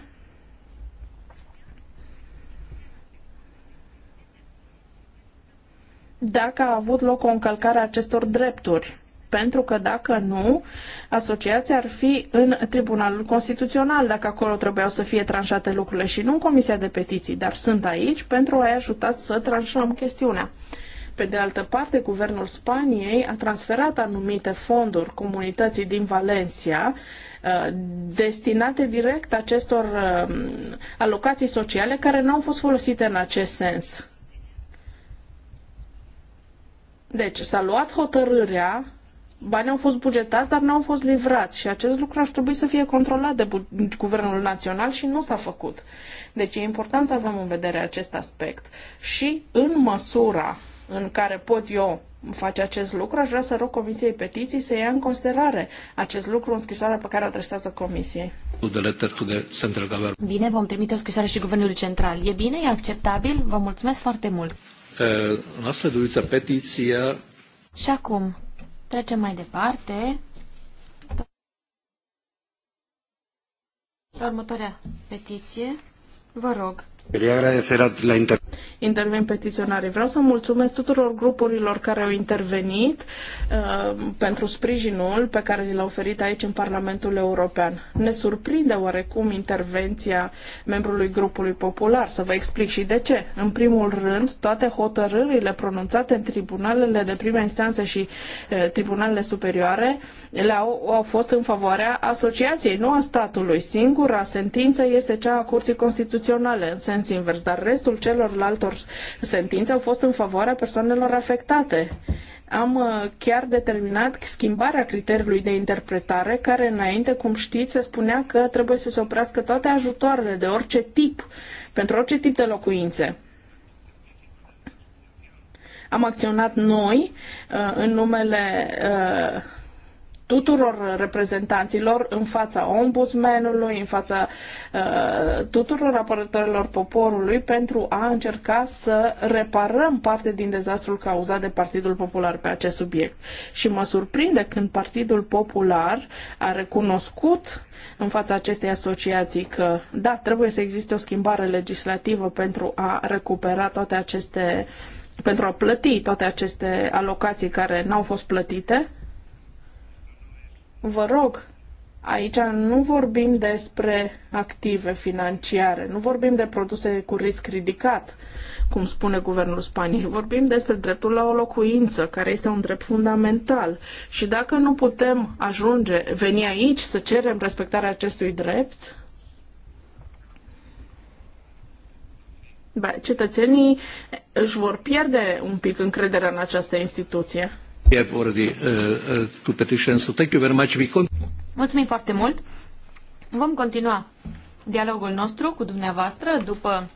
dacă a avut loc o încălcare a acestor drepturi. Pentru că dacă nu, asociația ar fi în Tribunalul Constituțional, dacă acolo trebuiau să fie tranșate lucrurile și nu în Comisia de Petiții, dar sunt aici pentru a-i ajuta să tranșăm chestiunea. Pe de altă parte, guvernul Spaniei a transferat anumite fonduri comunității din Valencia uh, destinate direct acestor uh, alocații sociale care nu au fost folosite în acest sens. Deci s-a luat hotărârea, banii au fost bugetați, dar nu au fost livrați și acest lucru ar trebui să fie controlat de Guvernul Național și nu s-a făcut. Deci e important să avem în vedere acest aspect și în măsura în care pot eu face acest lucru, aș vrea să rog Comisiei Petiții să ia în considerare acest lucru în scrisoarea pe care o adresează Comisiei. Bine, vom trimite o scrisoare și Guvernului Central. E bine? E acceptabil? Vă mulțumesc foarte mult! nasledujúca petícia... Și acum, trecem mai departe. La următoarea petiție, vă rog, Intervin petiționarii. Vreau să mulțumesc tuturor grupurilor care au intervenit uh, pentru sprijinul pe care l-a oferit aici în Parlamentul European. Ne surprinde oarecum intervenția membrului grupului popular. Să vă explic și de ce. În primul rând, toate hotărârile pronunțate în tribunalele de prima instanță și uh, tribunalele superioare le-au au fost în favoarea asociației, nu a statului. Singura sentință este cea a Curții Constituționale, în sens sens invers, dar restul celorlaltor sentințe au fost în favoarea persoanelor afectate. Am uh, chiar determinat schimbarea criteriului de interpretare, care înainte, cum știți, se spunea că trebuie să se oprească toate ajutoarele de orice tip, pentru orice tip de locuințe am acționat noi uh, în numele uh, tuturor reprezentanților în fața ombudsmenului, în fața uh, tuturor apărătorilor poporului pentru a încerca să reparăm parte din dezastrul cauzat de Partidul Popular pe acest subiect. Și mă surprinde când Partidul Popular a recunoscut în fața acestei asociații că, da, trebuie să existe o schimbare legislativă pentru a recupera toate aceste pentru a plăti toate aceste alocații care n-au fost plătite, Vă rog, aici nu vorbim despre active financiare, nu vorbim de produse cu risc ridicat, cum spune guvernul Spaniei, vorbim despre dreptul la o locuință, care este un drept fundamental. Și dacă nu putem ajunge, veni aici să cerem respectarea acestui drept, cetățenii își vor pierde un pic încrederea în această instituție. Mulțumim foarte mult. Vom continua dialogul nostru cu dumneavoastră după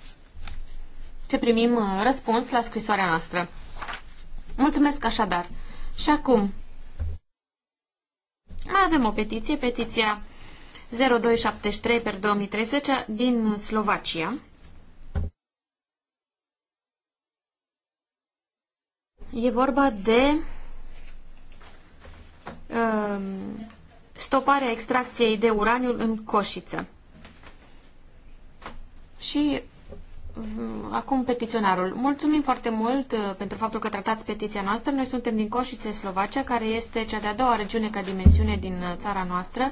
ce primim uh, răspuns la scrisoarea noastră. Mulțumesc așadar. Și acum mai avem o petiție, petiția 0273 per 2013 din Slovacia. E vorba de Um, stoparea extracției de uraniu în Coșiță. Și mm, acum petiționarul. Mulțumim foarte mult uh, pentru faptul că tratați petiția noastră. Noi suntem din Coșiță, Slovacia, care este cea de-a doua regiune ca dimensiune din uh, țara noastră.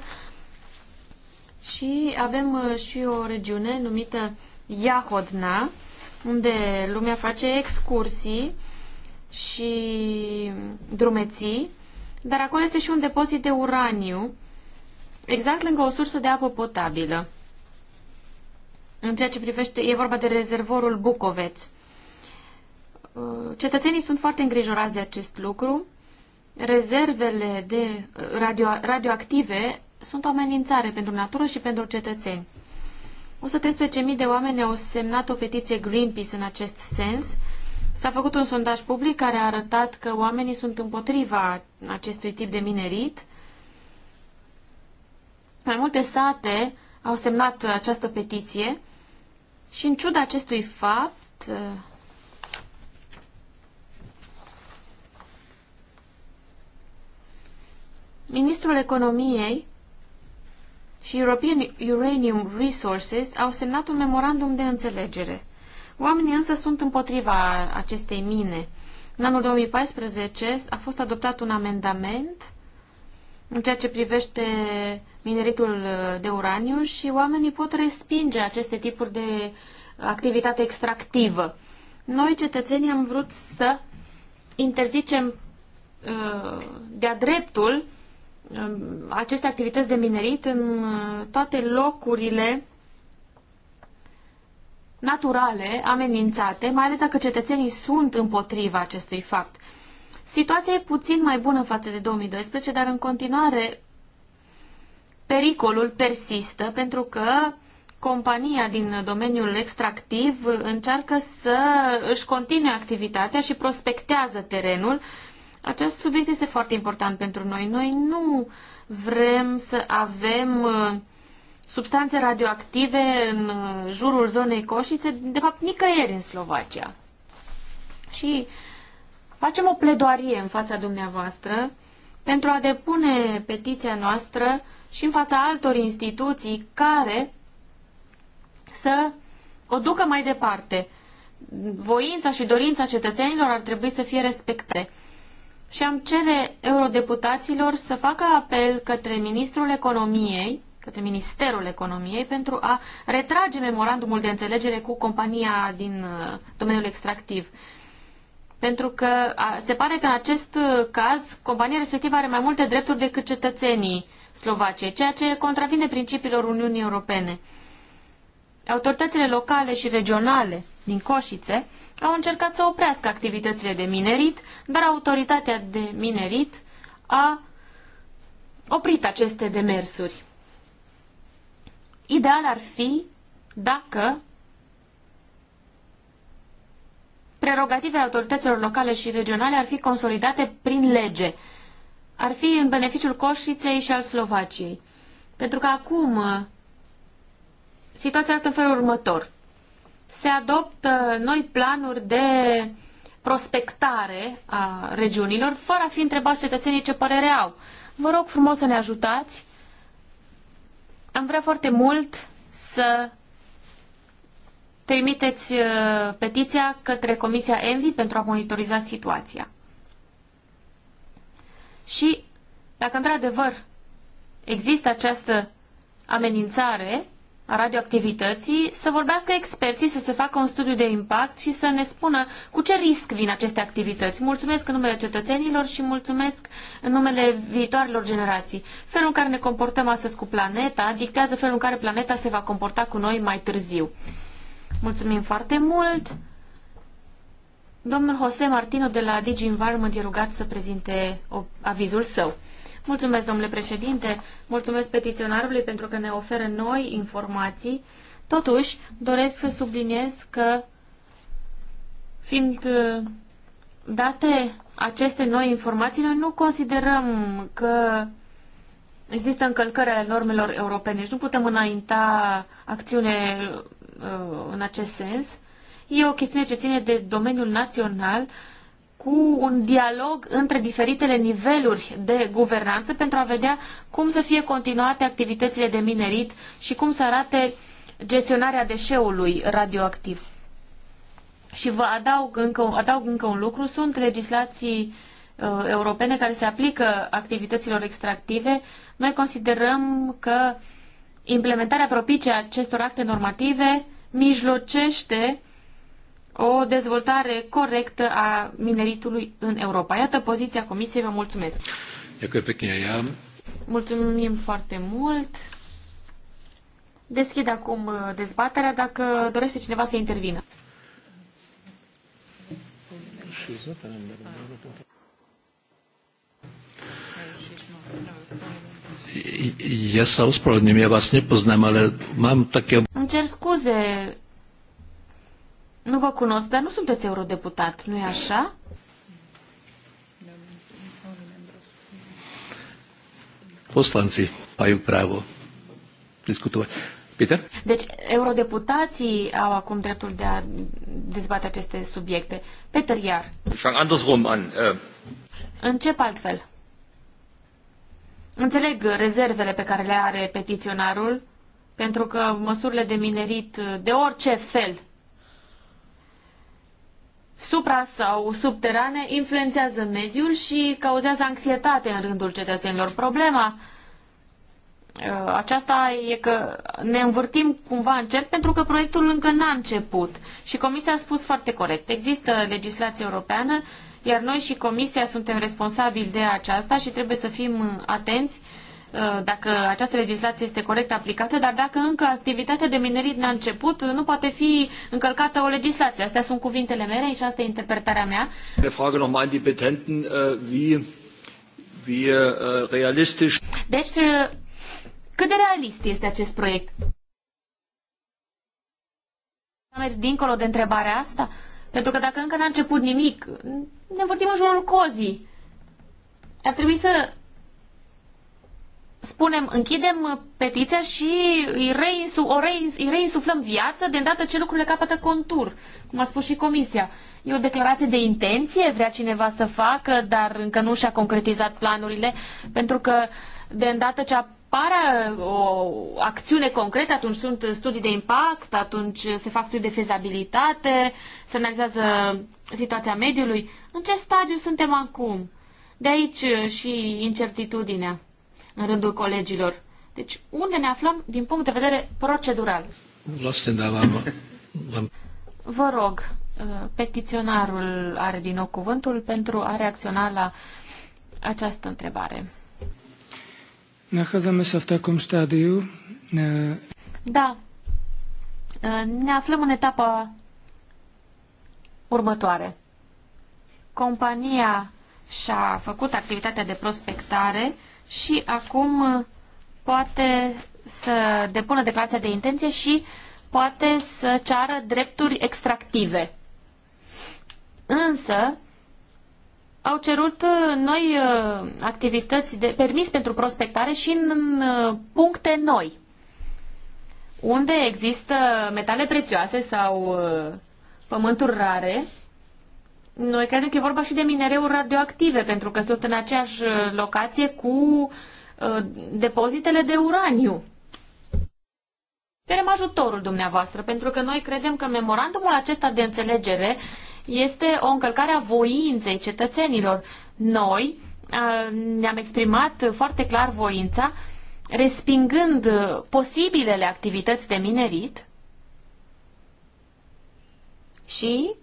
Și avem uh, și o regiune numită Iahodna, unde lumea face excursii și drumeții dar acolo este și un depozit de uraniu, exact lângă o sursă de apă potabilă. În ceea ce privește, e vorba de rezervorul Bucoveț. Cetățenii sunt foarte îngrijorați de acest lucru. Rezervele de uh, radio, radioactive sunt o amenințare pentru natură și pentru cetățeni. 113.000 de oameni au semnat o petiție Greenpeace în acest sens S-a făcut un sondaj public care a arătat că oamenii sunt împotriva acestui tip de minerit. Mai multe sate au semnat această petiție și în ciuda acestui fapt, Ministrul Economiei și European Uranium Resources au semnat un memorandum de înțelegere. Oamenii însă sunt împotriva acestei mine. În anul 2014 a fost adoptat un amendament în ceea ce privește mineritul de uraniu și oamenii pot respinge aceste tipuri de activitate extractivă. Noi, cetățenii, am vrut să interzicem uh, de-a dreptul um, aceste activități de minerit în uh, toate locurile naturale amenințate, mai ales dacă cetățenii sunt împotriva acestui fapt. Situația e puțin mai bună față de 2012, dar în continuare pericolul persistă pentru că compania din domeniul extractiv încearcă să își continue activitatea și prospectează terenul. Acest subiect este foarte important pentru noi. Noi nu vrem să avem uh, substanțe radioactive în uh, jurul zonei Coșițe, de fapt nicăieri în Slovacia. Și facem o pledoarie în fața dumneavoastră pentru a depune petiția noastră și în fața altor instituții care să o ducă mai departe. Voința și dorința cetățenilor ar trebui să fie respectate. Și am cere eurodeputaților să facă apel către Ministrul Economiei către Ministerul Economiei pentru a retrage memorandumul de înțelegere cu compania din uh, domeniul extractiv. Pentru că se pare că în acest uh, caz compania respectivă are mai multe drepturi decât cetățenii Slovaciei, ceea ce contravine principiilor Uniunii Europene. Autoritățile locale și regionale din Coșițe au încercat să oprească activitățile de minerit, dar autoritatea de minerit a oprit aceste demersuri. Ideal ar fi dacă prerogativele autorităților locale și regionale ar fi consolidate prin lege. Ar fi în beneficiul Coșiței și al Slovaciei. Pentru că acum uh, situația arată în felul următor. Se adoptă noi planuri de prospectare a regiunilor, fără a fi întrebați cetățenii ce părere au. Vă rog frumos să ne ajutați am vrea foarte mult să trimiteți uh, petiția către Comisia Envi pentru a monitoriza situația. Și dacă într-adevăr există această amenințare, a radioactivității, să vorbească experții, să se facă un studiu de impact și să ne spună cu ce risc vin aceste activități. Mulțumesc în numele cetățenilor și mulțumesc în numele viitoarelor generații. Felul în care ne comportăm astăzi cu planeta dictează felul în care planeta se va comporta cu noi mai târziu. Mulțumim foarte mult! Domnul Jose Martino de la Digi Environment e rugat să prezinte avizul său. Mulțumesc, domnule președinte, mulțumesc petiționarului pentru că ne oferă noi informații. Totuși, doresc să subliniez că, fiind uh, date aceste noi informații, noi nu considerăm că există încălcări ale normelor europene. și deci nu putem înainta acțiune uh, în acest sens. E o chestiune ce ține de domeniul național cu un dialog între diferitele niveluri de guvernanță pentru a vedea cum să fie continuate activitățile de minerit și cum să arate gestionarea deșeului radioactiv. Și vă adaug încă, adaug încă un lucru, sunt legislații uh, europene care se aplică activităților extractive. Noi considerăm că implementarea propice a acestor acte normative mijlocește uh, o dezvoltare corectă a mineritului în Europa. Iată poziția Comisiei, vă mulțumesc. Mulțumim foarte mult. Deschid acum uh, dezbaterea dacă dorește cineva să intervină. Ja sa ospravedlňujem, ja vás nepoznám, ale mám také... Îmi cer scuze, nu vă cunosc, dar nu sunteți eurodeputat, nu-i așa? Poslanții au pravo discută. Peter? Deci, eurodeputații au acum dreptul de a dezbate aceste subiecte. Peter, iar. Andersrum an. Äh. Încep altfel. Înțeleg rezervele pe care le are petiționarul, pentru că măsurile de minerit de orice fel supra sau subterane influențează mediul și cauzează anxietate în rândul cetățenilor. Problema uh, aceasta e că ne învârtim cumva în cer, pentru că proiectul încă n-a început. Și Comisia a spus foarte corect. Există legislație europeană, iar noi și Comisia suntem responsabili de aceasta și trebuie să fim atenți uh, Uh, dacă această legislație este corect aplicată, dar dacă încă activitatea de minerit n-a început, nu poate fi încălcată o legislație. Astea sunt cuvintele mele și asta e interpretarea mea. De Frage nochmal mai die Petenten, äh, wie, wie äh, realistisch... Deci, uh, cât de realist este acest proiect? Am mers dincolo de întrebarea asta? Pentru că dacă încă n-a început nimic, ne învârtim în jurul cozii. Ar trebui să spunem, închidem uh, petiția și îi, reinsu, o reins, îi reinsuflăm viață de îndată ce lucrurile capătă contur, cum a spus și comisia. E o declarație de intenție, vrea cineva să facă, dar încă nu și-a concretizat planurile, pentru că de îndată ce apare uh, o acțiune concretă, atunci sunt studii de impact, atunci se fac studii de fezabilitate, se analizează situația mediului. În ce stadiu suntem acum? De aici uh, și incertitudinea în rândul colegilor. Deci, unde ne aflăm din punct de vedere procedural? Vă rog, uh, petiționarul are din nou cuvântul pentru a reacționa la această întrebare. Uh, da. Uh, ne aflăm în etapa următoare. Compania și-a făcut activitatea de prospectare și acum uh, poate să depună declarația de intenție și poate să ceară drepturi extractive. Însă, au cerut uh, noi uh, activități de permis pentru prospectare și în puncte noi, unde există metale prețioase sau pământuri rare, noi credem că e vorba și de minereuri radioactive, pentru că sunt în aceeași uh, locație cu uh, depozitele de uraniu. Cerem ajutorul dumneavoastră, pentru că noi credem că memorandumul acesta de înțelegere este o încălcare a voinței cetățenilor. Noi uh, ne-am exprimat foarte clar voința, respingând posibilele activități de minerit și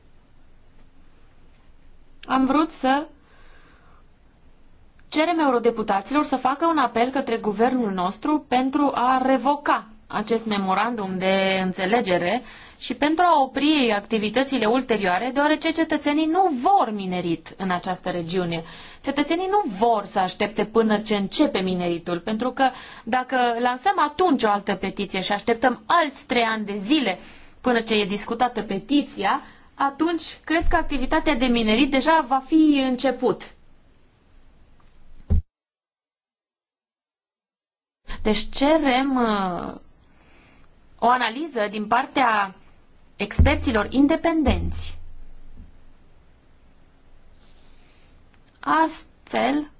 am vrut să cerem eurodeputaților să facă un apel către guvernul nostru pentru a revoca acest memorandum de înțelegere și pentru a opri activitățile ulterioare, deoarece cetățenii nu vor minerit în această regiune. Cetățenii nu vor să aștepte până ce începe mineritul, pentru că dacă lansăm atunci o altă petiție și așteptăm alți trei ani de zile până ce e discutată petiția, atunci cred că activitatea de minerit deja va fi început. Deci cerem uh, o analiză din partea experților independenți. Astfel,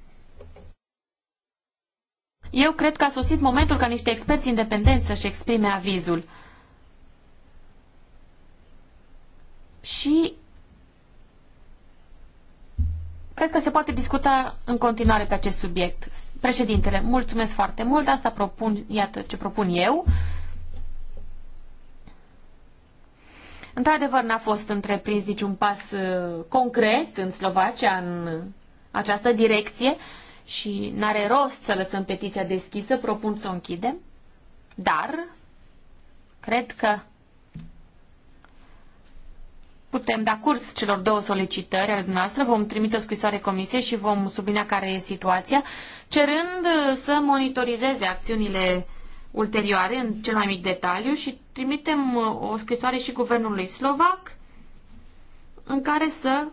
eu cred că a sosit momentul ca niște experți independenți să-și exprime avizul. și cred că se poate discuta în continuare pe acest subiect. Președintele, mulțumesc foarte mult, asta propun, iată ce propun eu. Într-adevăr, n-a fost întreprins niciun pas uh, concret în Slovacia, în această direcție și n-are rost să lăsăm petiția deschisă, propun să o închidem, dar cred că putem da curs celor două solicitări ale dumneavoastră. vom trimite o scrisoare comisiei și vom sublinia care e situația, cerând să monitorizeze acțiunile ulterioare în cel mai mic detaliu și trimitem uh, o scrisoare și guvernului slovac în care să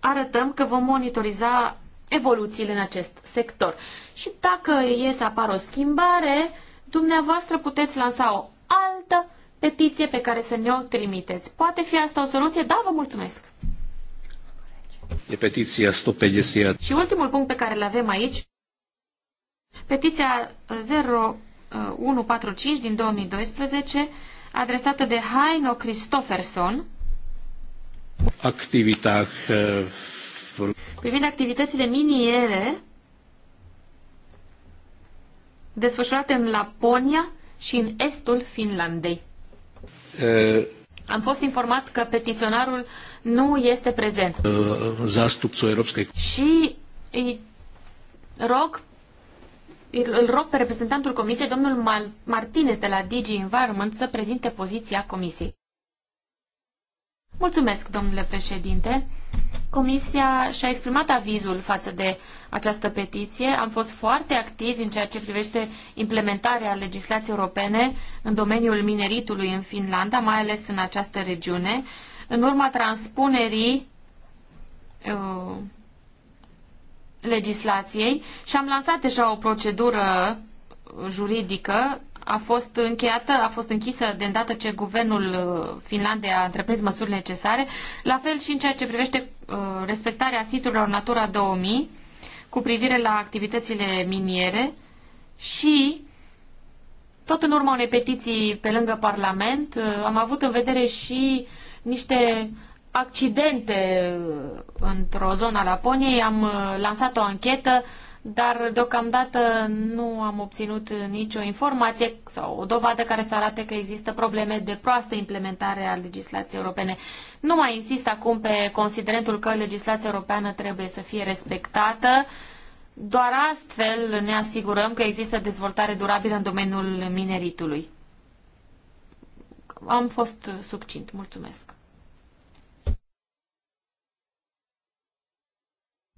arătăm că vom monitoriza evoluțiile în acest sector. Și dacă e să apară o schimbare, dumneavoastră puteți lansa o altă petiție pe care să ne o trimiteți. Poate fi asta o soluție? Da, vă mulțumesc! E petiția 150. Și ultimul punct pe care îl avem aici, petiția 0145 din 2012, adresată de Haino Christofferson. Activitate. Uh, Privind activitățile miniere desfășurate în Laponia și în estul Finlandei. Uh, Am fost informat că petiționarul nu este prezent. Uh, zastupțul Europei. Și îi rog, îl rog pe reprezentantul Comisiei, domnul Martinez de la DG Environment, să prezinte poziția Comisiei. Mulțumesc, domnule președinte. Comisia și-a exprimat avizul față de această petiție. Am fost foarte activi în ceea ce privește implementarea legislației europene în domeniul mineritului în Finlanda, mai ales în această regiune. În urma transpunerii uh, legislației și am lansat deja o procedură juridică a fost încheiată, a fost închisă de îndată ce guvernul uh, Finlandei a întreprins măsuri necesare, la fel și în ceea ce privește uh, respectarea siturilor Natura 2000 cu privire la activitățile miniere și tot în urma unei petiții pe lângă Parlament uh, am avut în vedere și niște accidente uh, într-o zonă a Laponiei. Am uh, lansat o anchetă dar deocamdată nu am obținut nicio informație sau o dovadă care să arate că există probleme de proastă implementare a legislației europene. Nu mai insist acum pe considerentul că legislația europeană trebuie să fie respectată. Doar astfel ne asigurăm că există dezvoltare durabilă în domeniul mineritului. Am fost succint. Mulțumesc.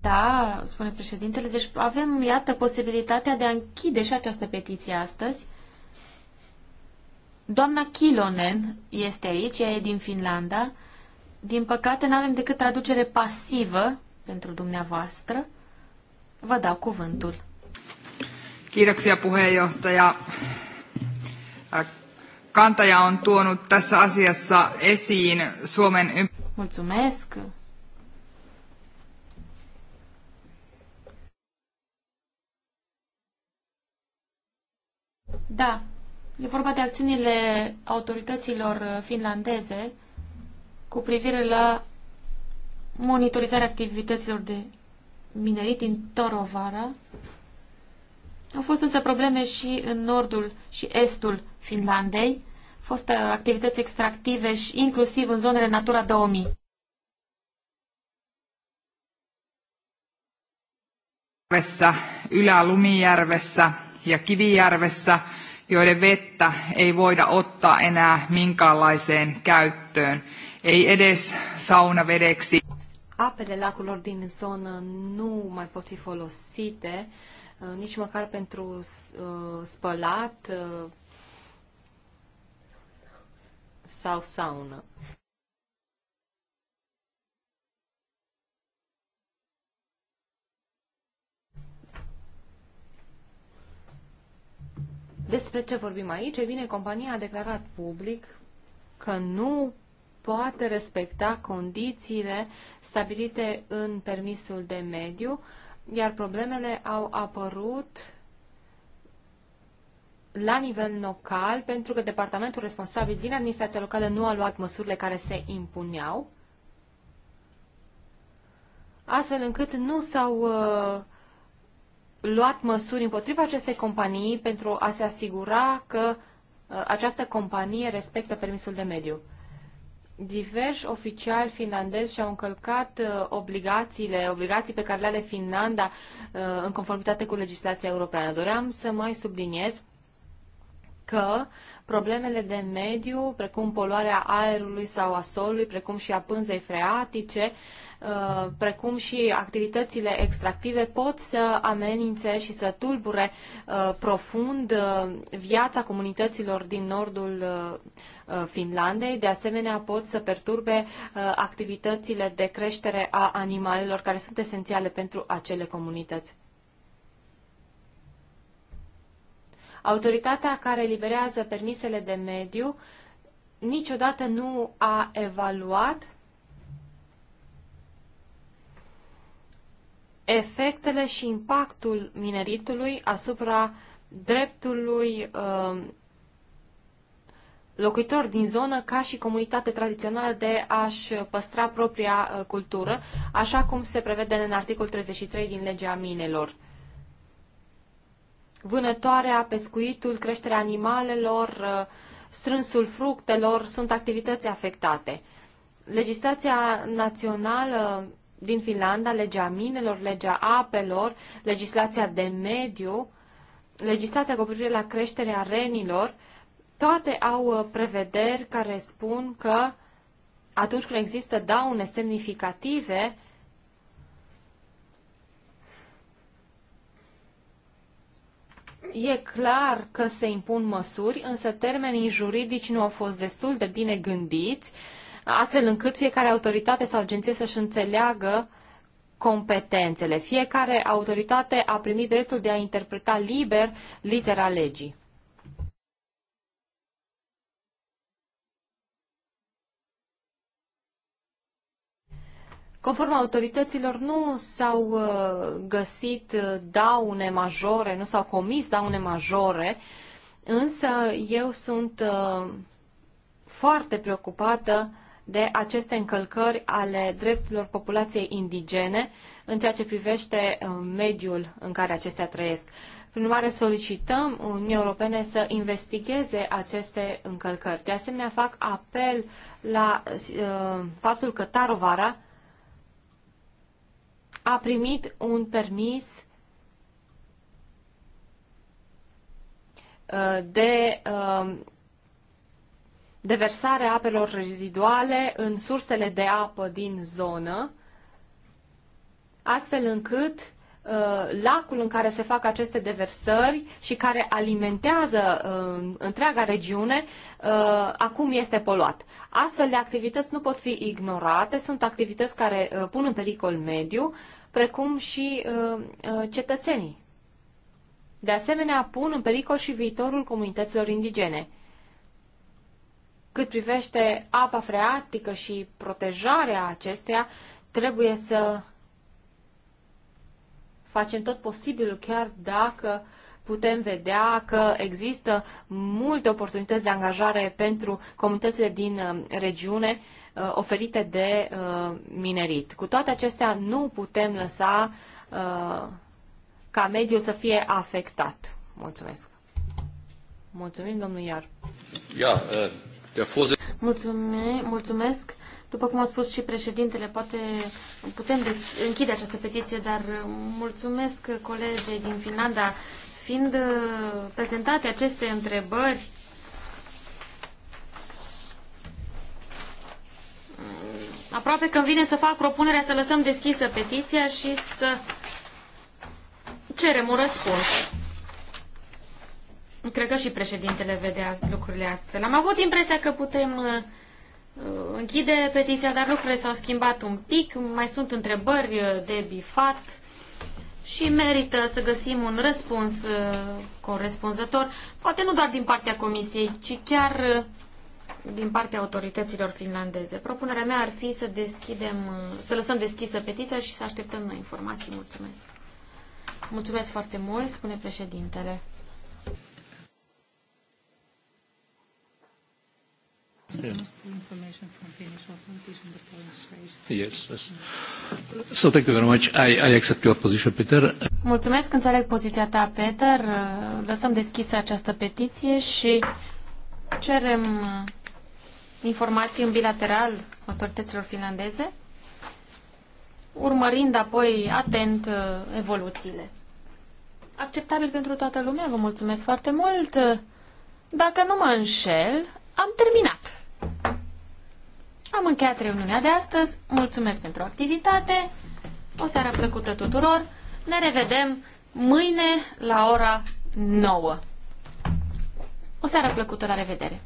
Da, spune președintele, deci avem, iată, posibilitatea de a închide și această petiție astăzi. Doamna Kilonen este aici, ea e din Finlanda. Din păcate, nu avem decât traducere pasivă pentru dumneavoastră. Vă dau cuvântul. Kiitoksia puheenjohtaja. Kantaja on tuonut tässä asiassa esiin Suomen... Mulțumesc, Da, e vorba de acțiunile autorităților finlandeze cu privire la monitorizarea activităților de minerit din Torovara. Au fost însă probleme și în nordul și estul Finlandei. Au fost uh, activități extractive și inclusiv în zonele Natura 2000. Ylä-Lumijärvessä ja Kivijärvessä joiden vettä ei voida ottaa enää minkäänlaiseen käyttöön, ei edes saunavedeksi. Apele lacurilor din zonă nu mai pot fi folosite, uh, nici măcar pentru uh, spălat uh, sau saună. Despre ce vorbim aici? E bine, compania a declarat public că nu poate respecta condițiile stabilite în permisul de mediu, iar problemele au apărut la nivel local, pentru că departamentul responsabil din administrația locală nu a luat măsurile care se impuneau, astfel încât nu s-au uh, luat măsuri împotriva acestei companii pentru a se asigura că uh, această companie respectă permisul de mediu. Diversi oficiali finlandezi și-au încălcat uh, obligațiile, obligații pe care le are Finlanda uh, în conformitate cu legislația europeană. Doream să mai subliniez că problemele de mediu, precum poluarea aerului sau a solului, precum și a pânzei freatice, Uh, precum și activitățile extractive, pot să amenințe și să tulbure uh, profund uh, viața comunităților din nordul Finlandei. De asemenea, pot să perturbe activitățile de creștere a animalelor care sunt esențiale pentru acele comunități. Autoritatea care eliberează permisele de mediu niciodată nu a evaluat efectele și impactul mineritului asupra dreptului uh, locuitor din zonă ca și comunitate tradițională de a-și păstra propria uh, cultură, așa cum se prevede în articolul 33 din legea minelor. Vânătoarea, pescuitul, creșterea animalelor, uh, strânsul fructelor sunt activități afectate. Legislația națională din Finlanda, legea minelor, legea apelor, legislația de mediu, legislația cu privire la creșterea renilor, toate au uh, prevederi care spun că atunci când există daune semnificative, E clar că se impun măsuri, însă termenii juridici nu au fost destul de bine gândiți uh, astfel încât fiecare autoritate sau agenție să-și înțeleagă competențele. Fiecare autoritate a primit dreptul de a interpreta liber litera legii. Conform autorităților, nu s-au uh, găsit uh, daune majore, nu s-au comis daune majore, însă eu sunt uh, foarte preocupată uh, de aceste încălcări ale drepturilor populației indigene în ceea ce privește uh, mediul în care acestea trăiesc. Prin urmare, solicităm Uniunii Europene să investigheze aceste încălcări. De asemenea, fac apel la uh, faptul că Tarovara a primit un permis uh, de uh, deversarea apelor reziduale în sursele de apă din zonă, astfel încât uh, lacul în care se fac aceste deversări și care alimentează uh, întreaga regiune, uh, acum este poluat. Astfel de activități nu pot fi ignorate, sunt activități care uh, pun în pericol mediu, precum și uh, cetățenii. De asemenea, pun în pericol și viitorul comunităților indigene. Cât privește apa freatică și protejarea acesteia, trebuie să facem tot posibilul, chiar dacă putem vedea că există multe oportunități de angajare pentru comunitățile din uh, regiune uh, oferite de uh, minerit. Cu toate acestea, nu putem lăsa ca mediul să fie afectat. Mulțumesc. Mulțumim, domnul Iar. uh... Mulțumesc. Mulțumesc. După cum a spus și președintele, poate putem închide această petiție, dar mulțumesc colegii din Finlanda. Fiind uh, prezentate aceste întrebări, mm, aproape că vine să fac propunerea să lăsăm deschisă petiția și să cerem un răspuns. Cred că și președintele vedea lucrurile astfel. Am avut impresia că putem uh, uh, închide petiția, dar lucrurile s-au schimbat un pic, mai sunt întrebări uh, de bifat și merită să găsim un răspuns corespunzător, poate nu doar din partea Comisiei, ci chiar din partea autorităților finlandeze. Propunerea mea ar fi să deschidem, să lăsăm deschisă petiția și să așteptăm noi informații. Mulțumesc. Mulțumesc foarte mult, spune președintele. Mulțumesc, înțeleg poziția ta, Peter. Lăsăm deschisă această petiție și cerem informații în bilateral autorităților finlandeze, urmărind apoi atent uh, evoluțiile. Acceptabil pentru toată lumea, vă mulțumesc foarte mult. Dacă nu mă înșel, am terminat. Am încheiat reuniunea de astăzi. Mulțumesc pentru activitate. O seară plăcută tuturor. Ne revedem mâine la ora 9. O seară plăcută, la revedere!